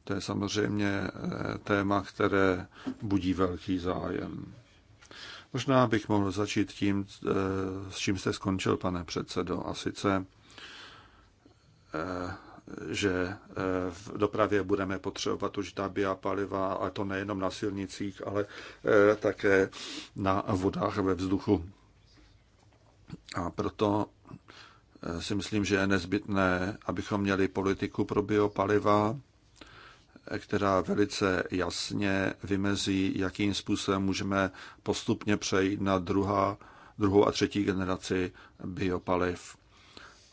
S2: To je samozřejmě eh, téma, které budí velký zájem. Možná bych mohl začít tím, eh, s čím jste skončil, pane předsedo, a sice, eh, že v dopravě budeme potřebovat užitá biopaliva, a to nejenom na silnicích, ale také na vodách ve vzduchu. A proto Eh, si myslím, že je nezbytné, abychom měli politiku pro biopaliva, eh, která velice jasně vymezí, jakým způsobem můžeme postupně přejít na druhá, druhou a třetí generaci biopaliv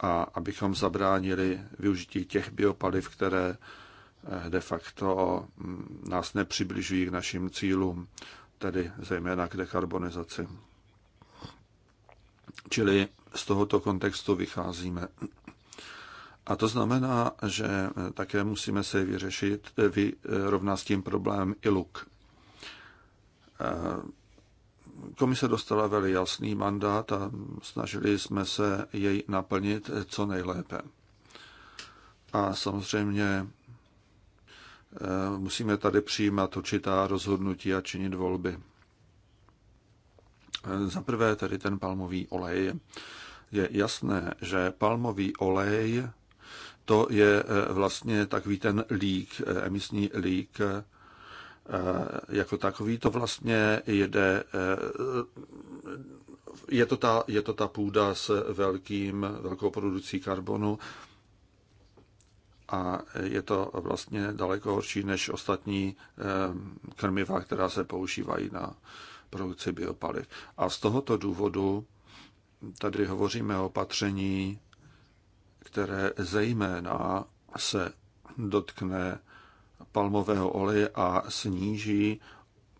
S2: a abychom zabránili využití těch biopaliv, které eh, de facto mm, nás nepřibližují k našim cílům, tedy zejména k dekarbonizaci. Čili z tohoto kontextu vycházíme. A to znamená, že také musíme se vyřešit, vyrovnat s tím problém i luk. Komise dostala velmi jasný mandát a snažili jsme se jej naplnit co nejlépe. A samozřejmě eh, musíme tady přijímat určitá rozhodnutí a činit volby. Za prvé tedy ten palmový olej. Je jasné, že palmový olej to je e, vlastně takový ten lík, e, emisní lík, e, jako takový to vlastně jede, je to ta, je to ta půda s velkým, velkou producí karbonu a je to vlastně daleko horší než ostatní krmiva, která se používají na produkci biopaliv. A z tohoto důvodu tady hovoříme o opatření, které zejména se dotkne palmového oleje a sníží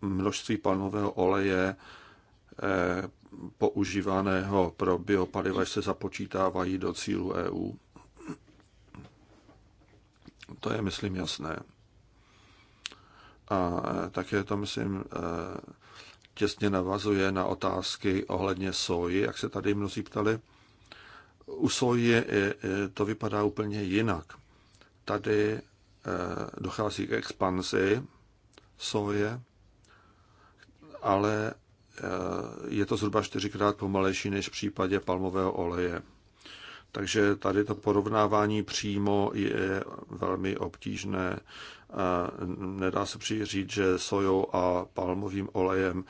S2: množství palmového oleje eh, používaného pro biopaliva, se započítávají do cílu EU. To je, myslím, jasné. A také to, myslím, eh, těsně navazuje na otázky ohledně soji, jak se tady mnozí ptali. U soji to vypadá úplně jinak. Tady eh, dochází k expanzi soje, ale eh, je to zhruba čtyřikrát pomalejší než v případě palmového oleje. Takže tady to porovnávání přímo je velmi obtížné nedá se říct, že sojou a palmovým olejem,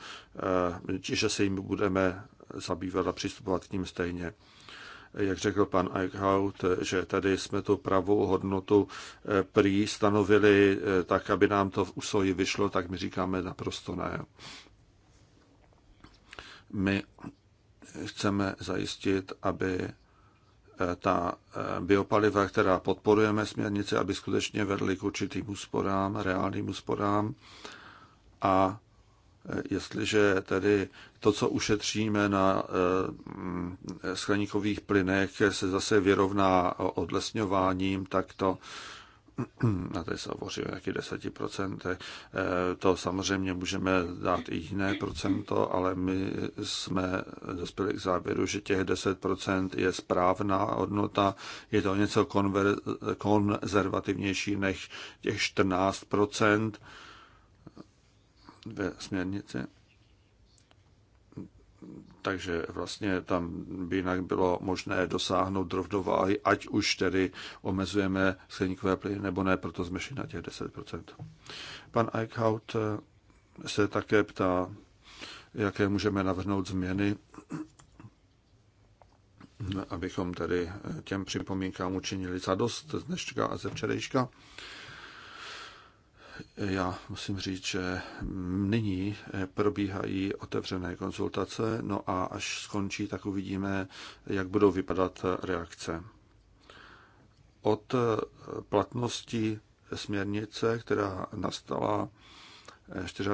S2: eh, že se jim budeme zabývat a přistupovat k ním stejně. Jak řekl pan Eichhout, že tady jsme tu pravou hodnotu eh, prý stanovili eh, tak, aby nám to v usoji vyšlo, tak my říkáme naprosto ne. My chceme zajistit, aby Eh, ta eh, biopaliva, která podporujeme směrnice, aby skutečně vedly k určitým úsporám, reálným úsporám. A eh, jestliže tedy to, co ušetříme na skleníkových plynech, se zase vyrovná odlesňováním, tak to na té se hovoří o nějakých 10%, eh, to samozřejmě můžeme dát i jiné procento, ale my jsme dospěli k závěru, že těch 10% je správná hodnota, je to něco konver, konzervativnější než těch 14% ve směrnici. Takže vlastně tam by jinak bylo možné dosáhnout rovnováhy, ať už tedy omezujeme skleníkové plyny nebo ne, proto jsme šli na těch 10%. Pan Eichhout eh, se také ptá, jaké můžeme navrhnout změny, abychom tedy eh, těm připomínkám učinili zadost z dneška a ze včerejška já musím říct, že nyní probíhají otevřené konzultace, no a až skončí, tak uvidíme, jak budou vypadat reakce. Od platnosti směrnice, která nastala 24.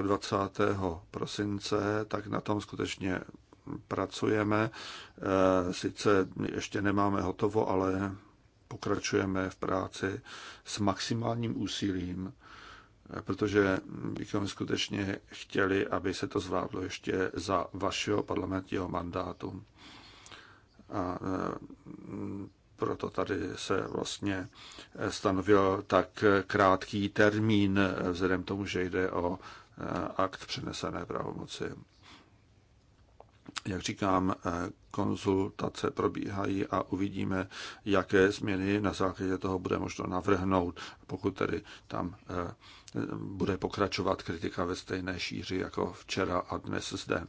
S2: prosince, tak na tom skutečně pracujeme. Sice ještě nemáme hotovo, ale pokračujeme v práci s maximálním úsilím protože bychom skutečně chtěli, aby se to zvládlo ještě za vašeho parlamentního mandátu. A eh, proto tady se vlastně stanovil tak krátký termín, vzhledem tomu, že jde o eh, akt přenesené pravomoci jak říkám, eh, konzultace probíhají a uvidíme, jaké změny na základě toho bude možno navrhnout, pokud tedy tam eh, bude pokračovat kritika ve stejné šíři jako včera a dnes zde.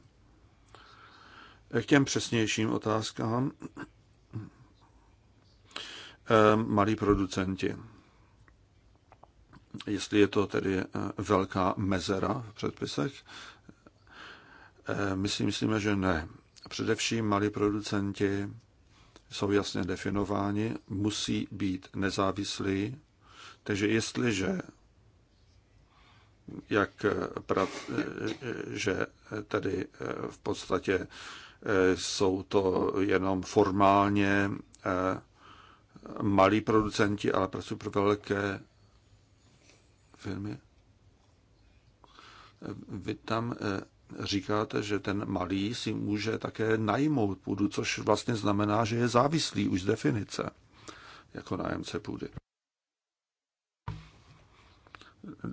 S2: K těm přesnějším otázkám. Eh, malí producenti. Jestli je to tedy velká mezera v předpisech, Eh, my si myslíme, že ne. Především malí producenti jsou jasně definováni, musí být nezávislí, takže jestliže jak eh, prat, eh, že tedy v podstatě jsou to jenom formálně malí producenti, ale pracují pro velké firmy. Vy tam říkáte, že ten malý si může také najmout půdu, což vlastně znamená, že je závislý už z definice jako nájemce půdy.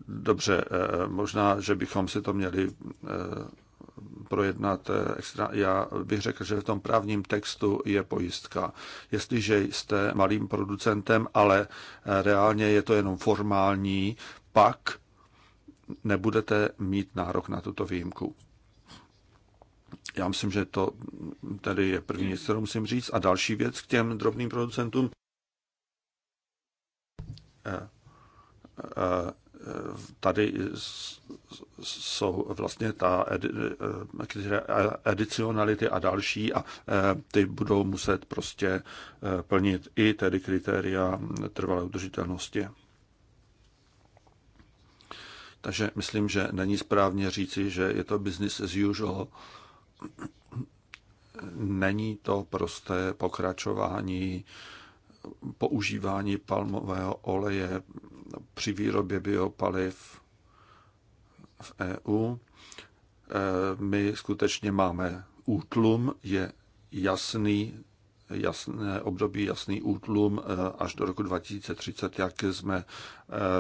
S2: Dobře, eh, možná, že bychom si to měli eh, projednat eh, extra. Já bych řekl, že v tom právním textu je pojistka. Jestliže jste malým producentem, ale reálně je to jenom formální, pak nebudete mít nárok na tuto výjimku. Já myslím, že to tady je první věc, kterou musím říct. A další věc k těm drobným producentům. Eh, eh, tady jsou vlastně ta edicionality eh, a další a ty budou muset prostě plnit i tedy kritéria trvalé udržitelnosti. Takže myslím, že není správně říci, že je to business as usual není to prosté pokračování používání palmového oleje při výrobě biopaliv v EU. E, my skutečně máme útlum, je jasný, jasné období, jasný útlum e, až do roku 2030, jak jsme e,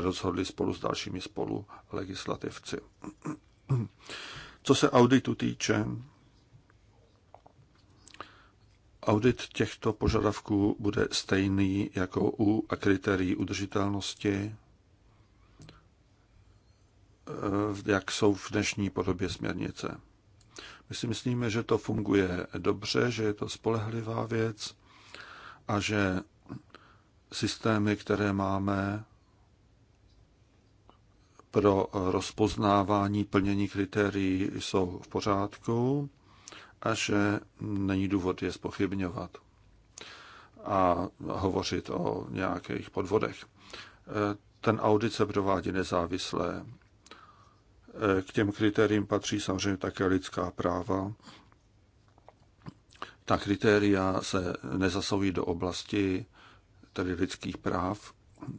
S2: rozhodli spolu s dalšími spolu legislativci. Co se auditu týče, Audit těchto požadavků bude stejný jako u kritérií udržitelnosti, eh, jak jsou v dnešní podobě směrnice. My si myslíme, že to funguje dobře, že je to spolehlivá věc a že systémy, které máme pro rozpoznávání plnění kritérií, jsou v pořádku a že není důvod je spochybňovat a hovořit o nějakých podvodech. Ten audit se provádí nezávislé. K těm kritériím patří samozřejmě také lidská práva. Ta kritéria se nezasoví do oblasti tedy lidských práv,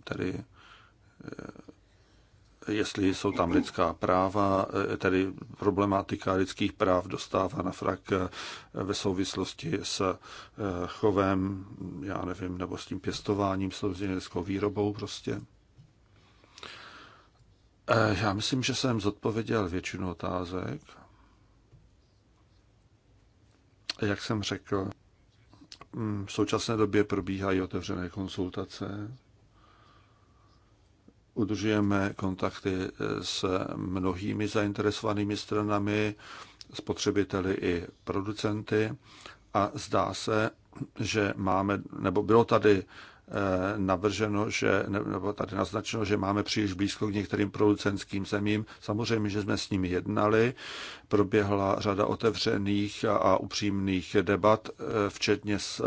S2: tedy jestli jsou tam lidská práva, e, tedy problematika lidských práv dostává na frak e, ve souvislosti s e, chovem, já nevím, nebo s tím pěstováním, s lidskou výrobou prostě. Já myslím, že jsem zodpověděl většinu otázek. Jak jsem řekl, mm, v současné době probíhají otevřené konsultace Udržujeme kontakty eh, s mnohými zainteresovanými stranami, spotřebiteli i producenty a zdá se, že máme, nebo bylo tady eh, navrženo, že, nebo tady naznačeno, že máme příliš blízko k některým producentským zemím. Samozřejmě, že jsme s nimi jednali, proběhla řada otevřených a upřímných debat, eh, včetně s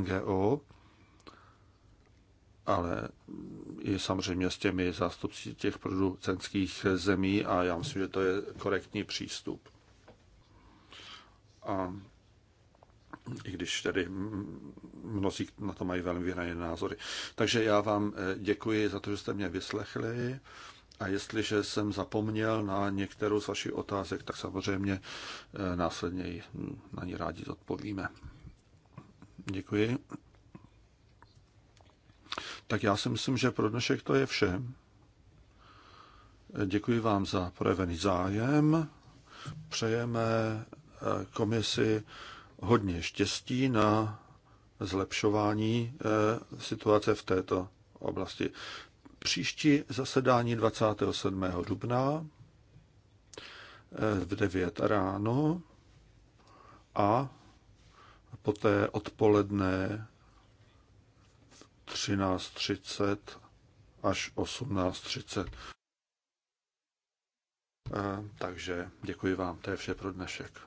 S2: NGO ale i samozřejmě s těmi zástupci těch producentských zemí a já myslím, že to je korektní přístup. A i když tedy mnozí na to mají velmi vyhraněné názory. Takže já vám eh, děkuji za to, že jste mě vyslechli a jestliže jsem zapomněl na některou z vašich otázek, tak samozřejmě eh, následně na ní rádi odpovíme. Děkuji. Tak já si myslím, že pro dnešek to je vše. Děkuji vám za projevený zájem. Přejeme eh, komisi hodně štěstí na zlepšování eh, situace v této oblasti. Příští zasedání 27. dubna eh, v 9 ráno a poté odpoledne 13.30 až 18.30. E, eh, Takže děkuji vám, to je vše pro dnešek.